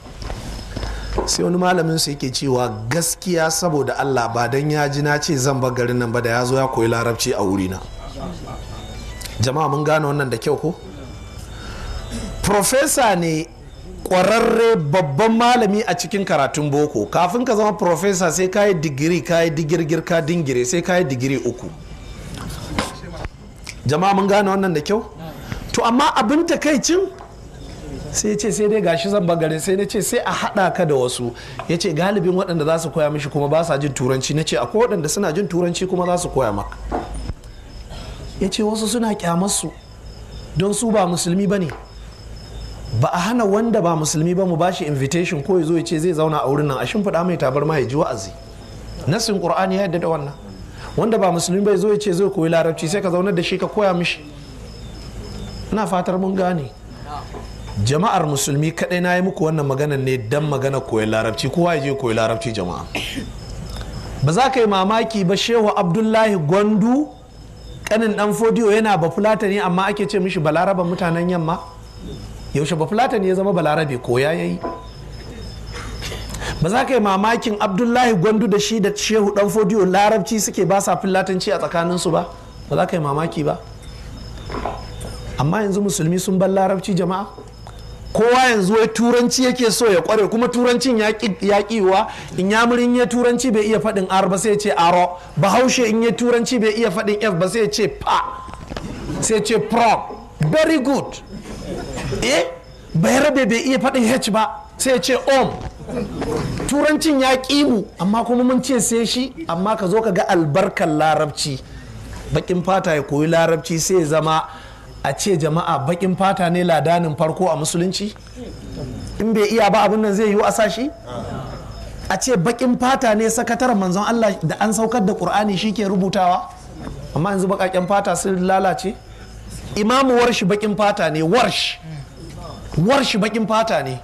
sai wani malamin su yake cewa gaskiya saboda allah ba dan ya ji na ce zan bar garin nan ba da ya zo ya koyi larabci a wuri na jama'a mun gane wannan da kyau ko profesa ne Kwararre babban malami a cikin karatun boko kafin ka zama profesa sai ka yi digiri ka yi digirgir ka dingire sai ka yi digiri uku jama'a mun gane wannan da kyau to amma abin takaicin sai ce sai dai gashi zan bagare sai na ce sai a haɗa ka da wasu ya ce galibin waɗanda za su koya mishi kuma ba sa jin turanci na ce akwai waɗanda suna jin turanci kuma za su koya maka ya ce wasu suna kyamarsu don su ba musulmi ba ne ba a hana wanda ba musulmi ba mu bashi invitation ko ya zo ya ce zai zauna a wurin nan a shimfiɗa mai ma ya ji wa'azi nasin qur'ani ya yadda da wannan wanda ba musulmi ba ya zo ya ce zai koyi larabci sai ka zauna da shi ka koya mishi ina fatar mun gane jama'ar musulmi kadai na yi muku wannan maganar ne dan magana koyi larabci kowa ya je koyi larabci jama'a ba za ka yi mamaki ba shehu abdullahi gwandu kanin dan fodiyo yana ba fulatani amma ake ce mishi balaraban mutanen yamma yaushe ba fulatan ya zama balarabe koya ya yi ba za ka yi mamakin abdullahi gwandu da shi da shehu dan fodiyo larabci suke ba sa fulatanci a tsakaninsu ba ba za ka yi mamaki ba amma yanzu musulmi sun bar larabci jama'a kowa yanzu wai turanci yake so ya kware kuma turancin ya kiwa in murin ya turanci bai iya faɗin r ba sai ya ce aro bahaushe in ya turanci bai iya faɗin f ba sai ya ce pa sai ya ce pro very good eh da bai iya faɗin h ba sai ya ce om turancin ya ƙi mu amma kuma mun ce sai shi amma ka zo ka ga albarkar larabci Baƙin fata ya koyi larabci sai ya zama a ce jama'a baƙin fata ne ladanin farko a musulunci in bai iya ba abin nan zai yi a shi? a ce bakin fata ne sakataren manzon Allah da an saukar da ƙur'ani shi ke rubutawa amma yanzu baƙaƙen fata sun lalace imamu warshi bakin fata ne warshi warshi shi bakin fata ne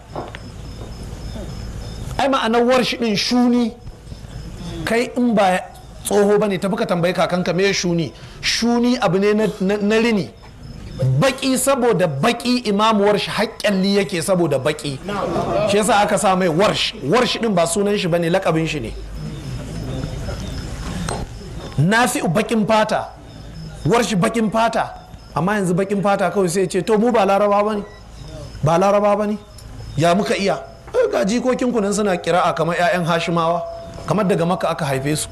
ai ma'anar warshi shi din shuni kai in ba tsoho bane tafi ka tambayi kakanka me shuni shuni abu ne na rini baki saboda baki imamu warsh haƙƙalli yake saboda baki shi yasa aka sa mai warshi warshi din ba sunan shi bane lakabin shi ne na fi bakin fata warshi bakin fata amma yanzu bakin fata kawai sai ce to mu ba laraba bane ba laraba ba ne ya muka iya eh, ga jikokin kunan suna kira'a kamar 'ya'yan hashimawa kamar daga maka aka haife su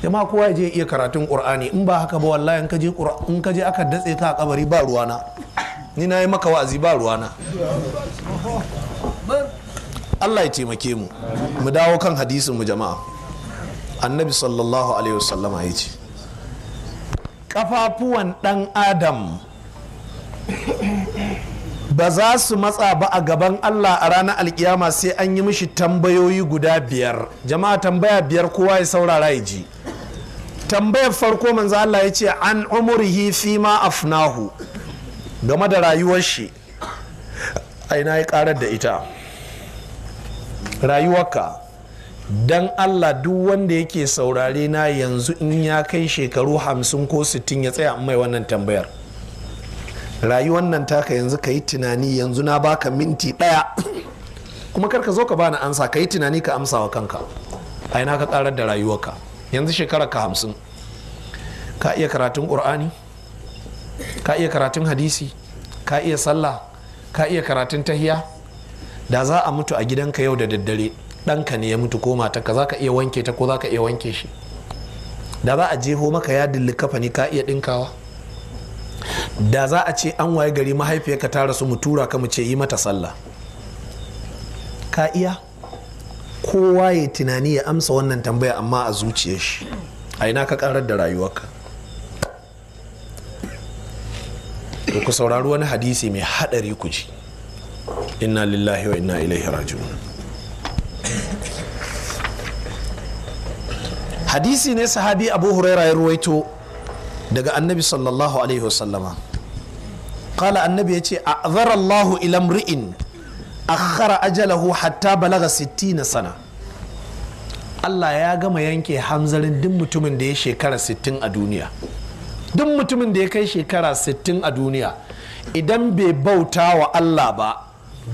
jama kowa je iya karatun qur'ani in ba haka ba wallahi in kaje in je aka datse ka a kabari ba ruwana ni na yi maka wa'azi ba ruwana Allah ya taimake mu mu dawo kan hadisin mu jama'a annabi sallallahu alaihi wasallama ya ce kafafuwan dan adam ba za su matsa ba a gaban Allah a ranar alkiyama sai an yi mishi tambayoyi guda biyar jama'a tambaya biyar kowa ya saurara ya ji tambayar farko manzo Allah ya ce an umurihi fi ma afnahu game da rayuwar shi aina ya karar da ita rayuwarka dan Allah duk wanda yake saurare na yanzu in ya kai shekaru hamsin ko sittin ya tsaya mai wannan tambayar rayuwar nan taka yanzu ka yi tunani yanzu na baka minti ɗaya kuma karka zo ka bani ansa ka yi tunani ka amsa wa kanka a yana ka karar da rayuwarka yanzu shekarar ka hamsin ka iya karatun ƙur'ani ka iya karatun hadisi ka iya sallah ka iya karatun tahiya da za a mutu a gidanka yau da daddare ɗanka ne ya mutu ko matarka za ka iya wanke ta ko za ka iya wanke shi da za a jeho maka ya dilli ne ka iya ɗinkawa da za a ce an waye gari mahaifiyarka ta rasu mu tura ka mu ce yi mata sallah ka iya kowa ya tunani ya amsa wannan tambaya amma a zuciya shi a ina ka karar da rayuwarka ku saurari wani hadisi mai hadari ku ji inna lillahi wa inna ilaihi raji'un hadisi ne sahabi abu huraira ya ruwaito daga annabi sallallahu alaihi wasallama kala annabi ya ce a zarallahu ilam ri'in akhara ajalahu hatta balaga 60 sana Allah ya gama yanke hanzarin duk mutumin da ya shekara 60 a duniya duk mutumin da ya kai shekara 60 a duniya idan bai bauta wa Allah ba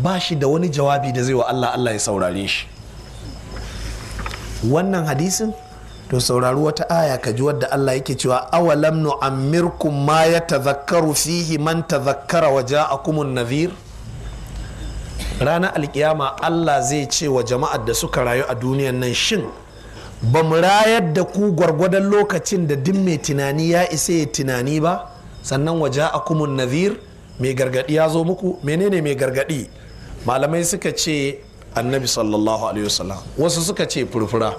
ba shi da wani jawabi da zai wa Allah Allah ya saurare shi wannan hadisin to saurari wata aya ka ji wadda Allah yake cewa awalam nu'ammirkum ma tazakaru fihi man tazakkara wa ja'akumun nadhir Rana alkiyama Allah zai ce wa jama'ar da suka rayu a duniyan nan shin ba mu rayar da ku gwargwadon lokacin da duk mai tunani ya isa ya tunani ba sannan wa ja'akumun nadhir mai gargadi ya zo muku menene mai gargadi malamai suka ce annabi sallallahu alaihi wasallam wasu suka ce furfura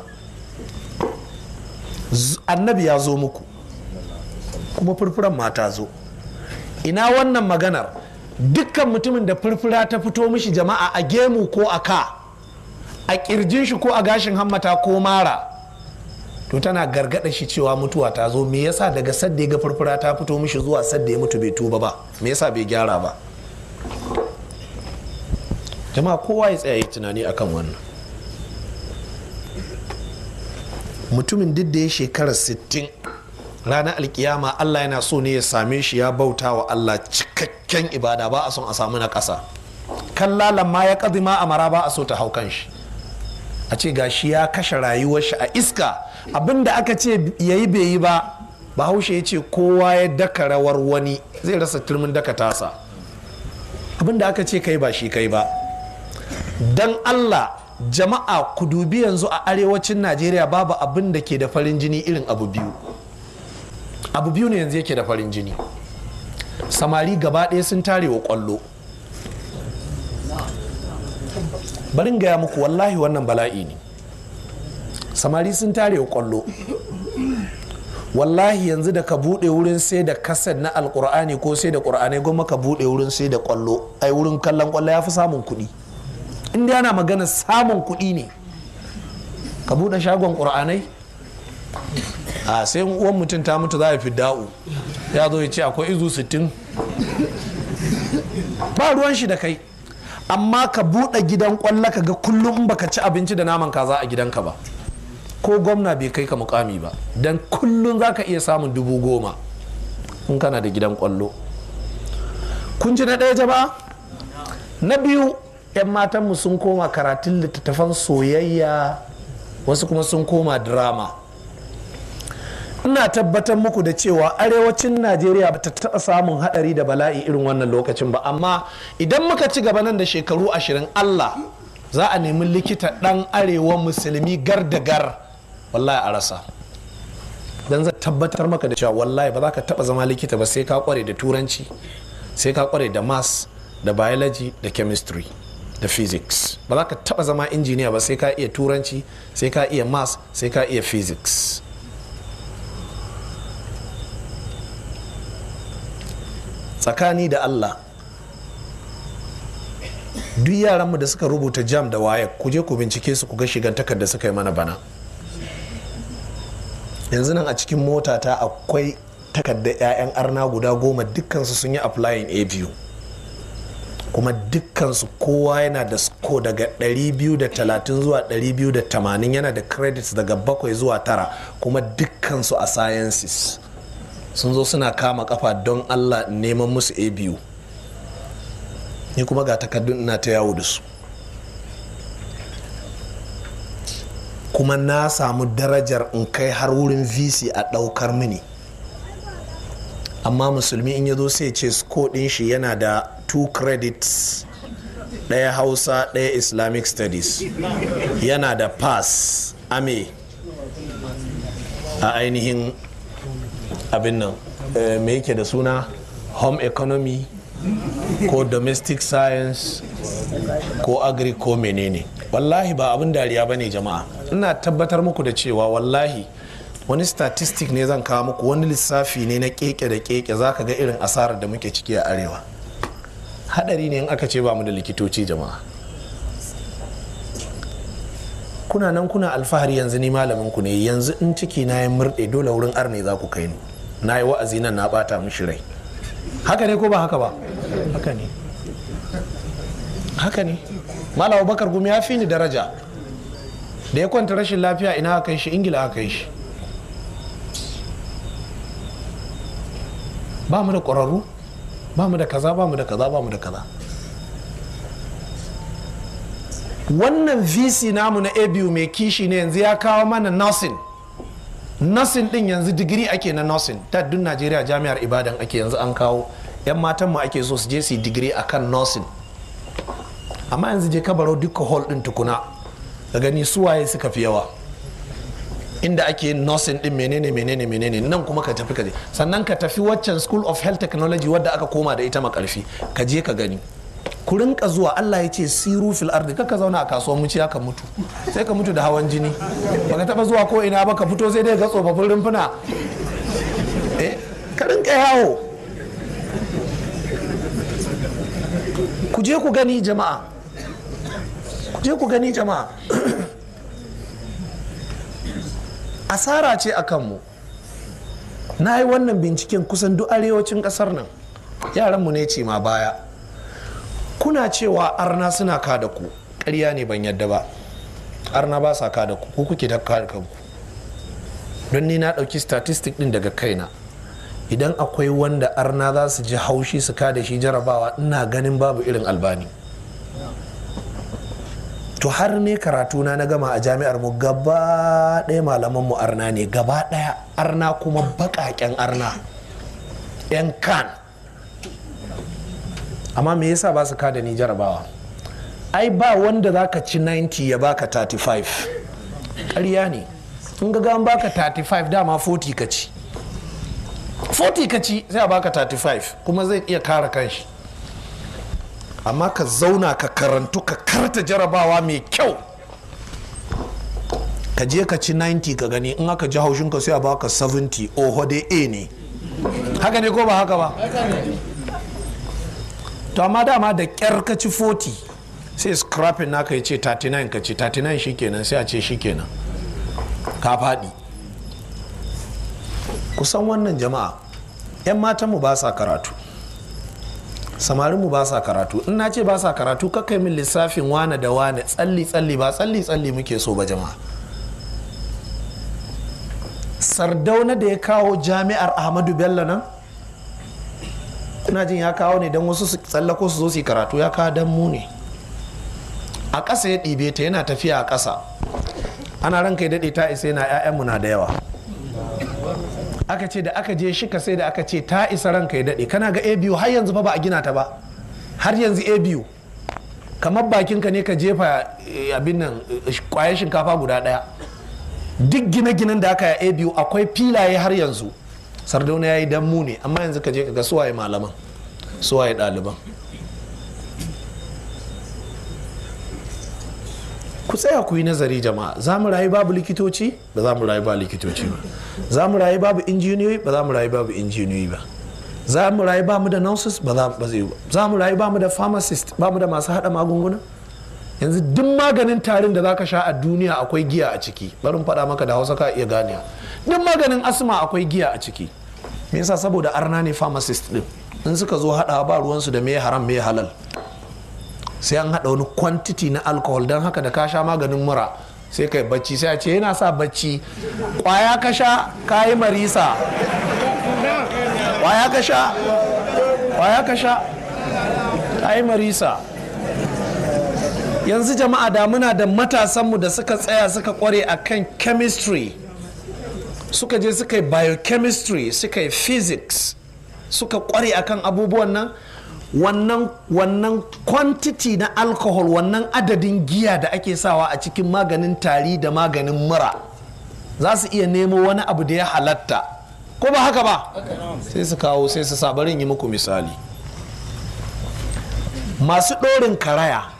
annabi ya zo muku kuma furfuran mata zo ina wannan maganar dukkan mutumin da furfura ta fito mishi jama'a a gemu ko a ka a kirjin shi ko a gashin hammata ko mara to tana gargada shi cewa mutuwa ta zo me yasa daga sadda ga furfura ta fito mishi zuwa sadda ya mutu bai tuba ba me yasa bai gyara ba jama'a kowa ya tsaya tunani akan wannan mutumin duk da ya shekara 60 ranar alkiyama allah yana so ne ya same shi ya bauta wa allah cikakken ibada ba a son a samu na ƙasa kallalan ma ya ma amara ba a so ta hau kan shi a ce gashi ya kashe rayuwar shi a iska abinda aka ce ya yi bai yi ba bahaushe ya ce kowa ya daka rawar wani zai rasa turmin daka tasa abinda aka ce kai ba shi kai ba Don allah jama'a ku dubi yanzu a arewacin najeriya babu abin da ke da farin jini irin abu biyu abu biyu ne yanzu yake da farin jini samari gaba ɗaya sun tare wa ƙwallo barin gaya muku wallahi wannan bala'i ne samari sun tare wa ƙwallo wallahi yanzu da ka buɗe wurin sai da kasar na alƙur'ani ko sai da ƙur'anai goma ka buɗe wurin sai da ƙwallo ai wurin kallon ƙwallo ya fi samun kuɗi inda yana magana samun kuɗi ne ka buɗe shagon ƙur'anai a sai uwan mutum ta mutu za a fi da'u ya zo ya ce akwai izu sittin ba ruwan shi da kai amma ka buɗe gidan ƙwallo ka ga kullum in baka ci abinci da naman kaza a gidanka ba ko gwamna bai kai ka mukami ba don kullum za ka iya samun dubu goma in kana da gidan ƙwallo kun ci na ɗaya jama'a na biyu 'yan matanmu sun koma karatun littattafan soyayya wasu kuma sun koma drama ina tabbatar muku da cewa arewacin najeriya ba ta taɓa samun haɗari da bala'i irin wannan lokacin ba amma idan muka ci gaba nan da shekaru ashirin allah za a nemi likita ɗan arewa musulmi gar da gar wallahi a rasa don zai tabbatar maka da cewa wallahi ba za ka taɓa zama likita ba sai ka kware da turanci sai ka kware da mas da biology da chemistry da physics ba za ka taba zama injiniya ba sai ka iya turanci sai ka iya mass sai ka iya physics tsakani da allah duk yaran mu da suka rubuta jam da waya ku je ku bincike su ku ga shigan takarda suka yi mana bana yanzu nan a cikin mota ta akwai takardar 'ya'yan arna guda goma dukkansu sun yi applying a biyu kuma dukkansu kowa yana da sko daga 230 zuwa 280 yana da credits daga bakwai zuwa tara kuma dukkansu a sciences sun zo suna kama kafa don allah neman musu a biyu ni kuma ga takardun ina ta yawo da su kuma na samu darajar in kai har wurin vc a daukar mini amma musulmi in ya zo sai ce score din shi yana da two credits ɗaya hausa ɗaya islamic studies yana da pass ame a ainihin abin nan eh, me yake da suna home economy ko domestic science ko agri ko menene wallahi ba abin dariya ba ne jama'a ina tabbatar muku da cewa wallahi wani statistic ne zan kawo muku wani lissafi ne na keke da keke za ka ga irin asarar da muke ciki a arewa hadari ne in aka ce ba mu da likitoci jama'a kuna nan kuna alfahari yanzu ni malamin ku ne yanzu in ciki na ya murɗe dole wurin arne za ku kai ni na yi wa'azi nan na bata mishi rai haka ne ko ba haka ba haka ne haka ne malam bakar gumi ya fi ni daraja da ya kwanta rashin lafiya ina aka shi ingila aka shi ba mu da ƙwararru ba mu da kaza ba mu da kaza ba mu da kaza wannan vc namu na abu mai kishi ne yanzu ya kawo mana nursing nursing din yanzu digiri ake na nursing ta najeriya jami'ar ibadan ake yanzu an kawo yan matan mu ake so su je su digiri a kan nursing amma yanzu je ka duka hall din tukuna ga gani suwaye suka fi yawa inda ake yin nursing din menene menene menene nan kuma ka tafi ka je sannan ka tafi waccan school of health technology wadda aka koma da ita makarfi ka je ka gani ku rinka zuwa Allah ya ce siru fil ardi kaka zauna a kasuwa mu ka mutu sai ka mutu da hawan jini baka taba zuwa ko ina ba ka fito sai dai ga tsofaffin rumfuna eh ka rinka yawo ku je ku gani jama'a ku je ku gani jama'a (coughs) asara ce a kanmu na yi wannan binciken kusan duk arewacin kasar nan yaranmu ne ce ma baya kuna cewa arna suna ka da ku ƙarya ne ban yadda ba arna ba sa ka da ku ku kuke da kanku don ni na ɗauki statistic ɗin daga kaina idan akwai wanda arna za su ji haushi su ka da shi jarabawa ina ganin babu irin albani to har ne karatu na na gama a jami'ar mu gaba ɗaya malaman mu arna ne gaba ɗaya arna kuma baƙaƙen arna yan kan amma me yasa ba su ka da ni jarabawa ai ba wanda za ka ci 90 ya baka 35 ƙarya ne in ga gan baka 35 dama 40 ka ci 40 ka ci sai a baka 35 kuma zai iya kara kanshi amma ka zauna ka karantu ka karta jarabawa mai kyau ka je ka ci 90 ka gani in aka ji haushinka sai a baka 70 oho dai a ne haka ne ko ba haka ba to amma dama da kyar ka ci 40 sai scrapping naka ya ce 39 ka ci 39 shikenan sai a ce shikenan ka faɗi kusan wannan jama'a 'yan matanmu ba sa karatu samarinmu ba sa karatu in na ce ba sa karatu kakai min lissafin wane da wane tsalli tsalli ba tsalli tsalli muke so ba jama'a sardauna da ya kawo jami'ar ahmadu bello nan kuna jin ya kawo ne don wasu su tsallako su zo su karatu ya kawo don mu ne a ƙasa ya ɗibe ta yana tafiya a ƙasa ana ranka ya daɗe ta isa yana 'ya'yanmu na da yawa aka ce da aka je shi ka sai da aka ce ta isa ranka ya daɗe kana ga a biyu har yanzu fa ba a gina ta ba har yanzu a biyu kamar bakinka ne ka jefa eh, abin nan kwayar eh, shinkafa guda ɗaya duk gine-ginen da aka yi a biyu akwai filaye har yanzu sardauna ya yi dan mu ne amma yanzu ka je ka ga suwaye malaman suwaye ɗaliban ku tsaya ku yi nazari jama'a za mu rayu babu likitoci ba za mu rayu ba likitoci ba za mu rayu babu injiniyoyi ba za mu rayu babu injiniyoyi ba za mu rayu ba mu da nurses ba za ba zai ba za mu rayu ba mu da pharmacist ba mu da masu hada magunguna yanzu duk maganin tarin da zaka sha a duniya akwai giya a ciki barin faɗa maka da hausa ka iya gane duk maganin asma akwai giya a ciki me yasa saboda arna ne pharmacist din in suka zo hadawa ba ruwan su da me haram me halal sai an haɗa wani kwantiti na alkohol don haka da ka sha maganin mura sai kai bacci sai a ce yana sa bacci kwaya ka sha ka yi marisa kwaya ka sha kwaya ka sha ka yi marisa yanzu jama'a da muna da matasanmu da suka tsaya suka kware a kan chemistry suka je suka yi biochemistry suka yi physics suka kware a kan abubuwan nan wannan wannan quantity na alkohol wannan adadin giya da ake sawa a cikin maganin tari da maganin mura za su iya nemo wani abu da ya halatta ko ba haka ba sai su kawo sai su sabarin yi muku misali masu ɗorin karaya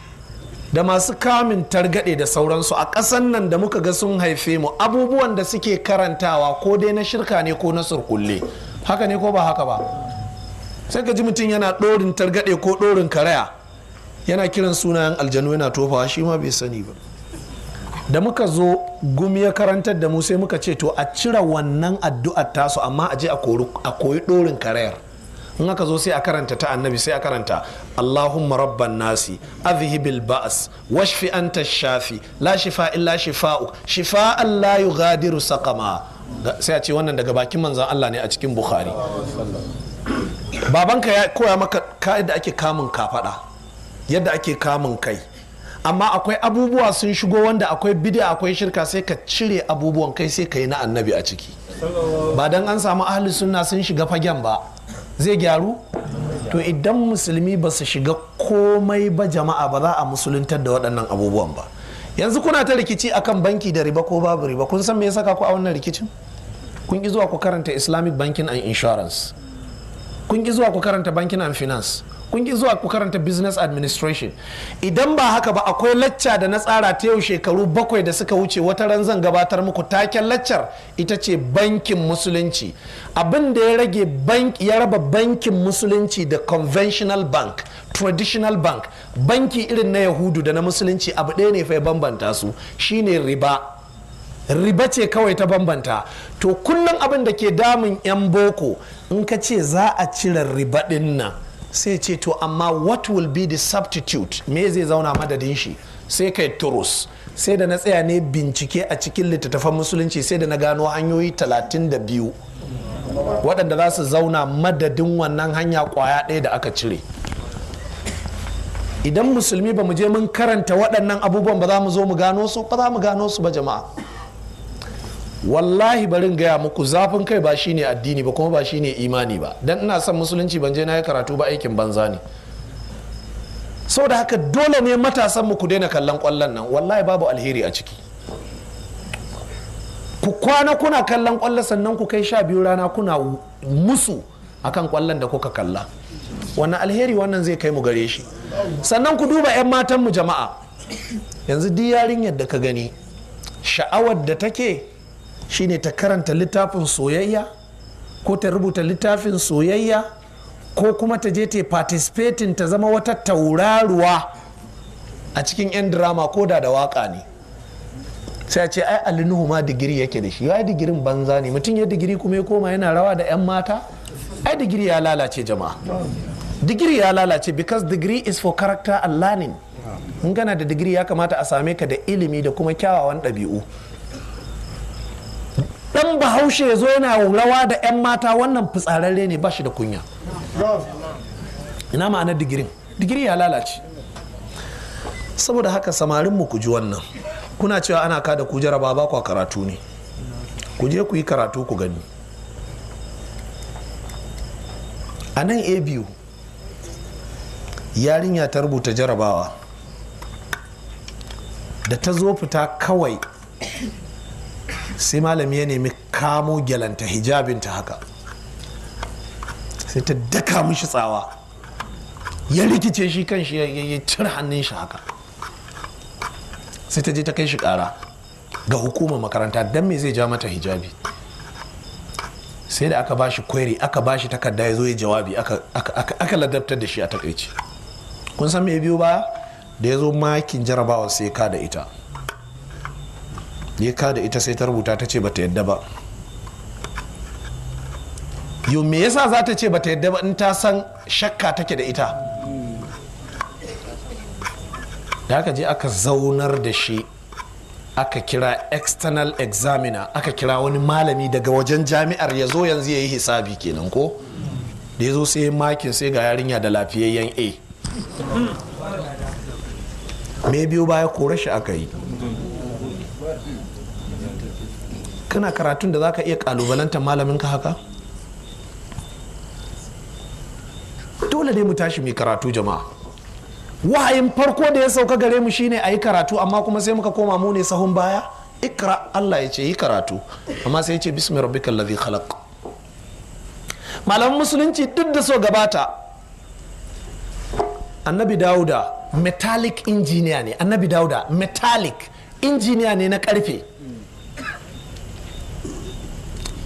da masu kamin targaɗe da sauransu a ƙasan nan da muka ga sun haife mu abubuwan da suke karantawa ko dai na shirka ne ko na surkulle haka ne ko ba haka ba sai ka ji mutum yana ɗorin targaɗe ko ɗorin karaya yana kiran sunayen aljanu yana tofawa shi ma bai sani ba da muka zo gumi ya karantar da mu sai muka ce to a cire wannan addu'ar tasu amma a je a koyi ɗorin karayar in aka zo sai a karanta ta annabi sai a karanta allahumma rabban nasi azhibil ba'as washfi anta shafi la shifa illa shifa'u shifa'an la yughadiru saqama sai a ce wannan daga bakin manzon Allah ne a cikin bukhari babanka ya koya maka yadda ake kamun kafada yadda ake kamun kai amma akwai abubuwa sun shigo wanda akwai bid'a akwai shirka sai ka cire abubuwan kai sai ka yi na annabi a ciki ba dan an samu ahli sunna sun shiga fagen ba zai gyaru to idan musulmi ba su shiga komai ba jama'a ba za a musuluntar da waɗannan abubuwan ba yanzu kuna ta rikici akan banki da riba ko babu riba kun san me ya saka ku a wannan rikicin kun ki zuwa ku karanta islamic banking and insurance kun ki zuwa ku karanta banking and finance kun ki zuwa ku karanta business administration idan ba haka ba akwai lacca da na tsara ta yau shekaru bakwai da suka wuce wata ran zan gabatar muku taken laccar ita ce bankin musulunci abin da ya rage ya raba bankin musulunci da conventional bank traditional bank banki irin na yahudu da na musulunci abu ɗaya ne fa ya bambanta su shine riba riba ce kawai ta bambanta to kullum abin da ke damun 'yan boko in ka ce za a cire riba din nan sai ce to amma what will be the substitute me zai zauna madadin shi sai kai turus sai da na tsaya ne bincike a cikin littattafan musulunci sai da na gano hanyoyi 32 waɗanda za su zauna madadin wannan hanya kwaya ɗaya da aka cire idan musulmi ba mu je mun karanta waɗannan abubuwan ba za mu zo mu gano su ba za mu gano su ba jama'a wallahi barin gaya muku zafin kai ba shine addini ba kuma ba shine imani ba dan ina son musulunci ban je na yi karatu ba aikin banza ne Sau da haka dole ne matasan mu ku daina kallon kwallon nan wallahi babu alheri a ciki ku kwana kuna kallon kwallo sannan ku kai sha biyu rana kuna musu akan kwallon da kuka kalla wannan alheri wannan zai kai mu gare shi sannan ku duba 'yan matan mu jama'a yanzu duk yarinyar da ka gani sha'awar da take shine ta karanta littafin soyayya ko ta rubuta littafin soyayya ko kuma ta je ta participating ta zama wata tauraruwa a cikin 'yan drama ko da da waka ne sai ce ai alinuhu ma digiri yake da shi ya digirin banza ne mutum ya digiri kuma ya koma yana rawa da 'yan mata ai digiri ya lalace jama'a digiri ya lalace because digiri is for character and learning in gana da digiri ya kamata a same ka da ilimi da kuma kyawawan ɗabi'u dan bahaushe ya zo yana rawa da 'yan mata wannan fitsararre ne ba shi da kunya ina ma'anar digirin digiri ya lalace saboda haka samarin mu ku ji wannan kuna cewa ana kada ku jaraba ba kwa karatu ne ku je ku yi karatu ku gani a nan a biyu yarinya ta rubuta jarabawa da ta zo fita kawai sai malami ya nemi kamo gyalanta hijabin ta haka sai ta daka mishi tsawa ya rikice shi kan shi ya cire hannun shi haka sai ta je ta kai shi kara ga hukumar makaranta don me zai ja mata hijabi sai da aka bashi kwari aka bashi takarda ya zo ya jawabi aka ladabtar da shi a takaici kun san me biyu ba da ya zo makin jarabawa sai ka da ita ya ka da ita sai ta rubuta ta ce ba ta yadda ba yau me yasa za ta ce ba ta yadda ba in ta san shakka take da ita da aka je aka zaunar da shi aka kira external examiner aka kira wani malami daga wajen jami'ar ya zo yanzu ya yi hisabi kenan ko da ya zo sai makin sai ga yarinya da lafiyayyen a me biyu baya kore shi aka yi kana karatun da zaka iya kalubalanta malamin ka haka dole ne mu tashi mai karatu jama'a wahayin farko da ya sauka gare mu shine a yi karatu amma kuma sai muka koma mu ne sahun baya ikra Allah ya ce yi karatu amma sai ya ce bismi rabbikal ladhi khalaq Malamin musulunci duk da so gabata annabi dauda metallic engineer ne annabi dauda metallic engineer ne na karfe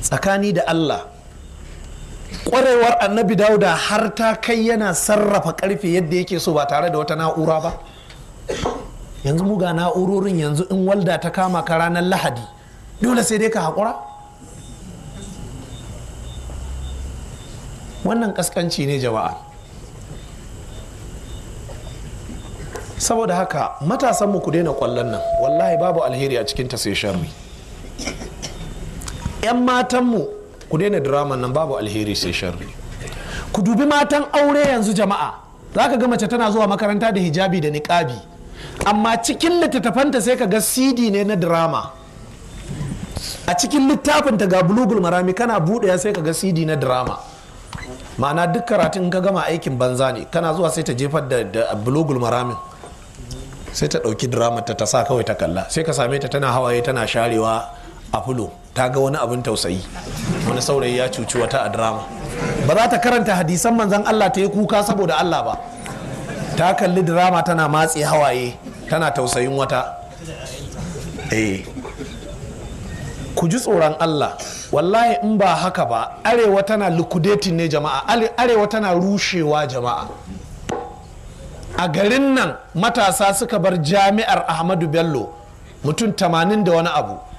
tsakani da Allah ƙwarewar annabi dauda har ta kai yana sarrafa ƙarfe yadda yake so ba tare da wata na'ura ba yanzu muga na'urorin yanzu in walda ta kama ka ranar lahadi dole sai dai ka haƙura wannan ƙasƙanci ne jama'a saboda haka matasanmu ku daina ƙwallon nan wallahi babu alheri a cikin ta sai sharri 'yan matan mu ku daina drama nan babu alheri sai sharri ku dubi matan aure yanzu jama'a za ka ga mace tana zuwa makaranta da hijabi da niƙabi amma cikin littattafanta sai ka ga cd ne na drama a cikin littafin ga bulugul marami kana buɗe sai ka ga cd na drama ma'ana duk karatun ka gama aikin banza ne kana zuwa sai ta jefar da bulugul maramin sai ta ɗauki drama ta ta sa kawai ta kalla sai ka same ta tana hawaye tana sharewa a fulo ta ga wani abin tausayi wani saurayi ya cuci wata a drama ba za ta karanta hadisan manzan Allah ta yi kuka saboda Allah ba ta kalli drama tana matse hawaye tana tausayin wata eh ku ji tsoron Allah wallahi in ba haka ba arewa tana liquidating ne jama'a arewa tana rushewa jama'a a garin nan matasa suka bar jami'ar ahmadu bello mutum 80 da wani abu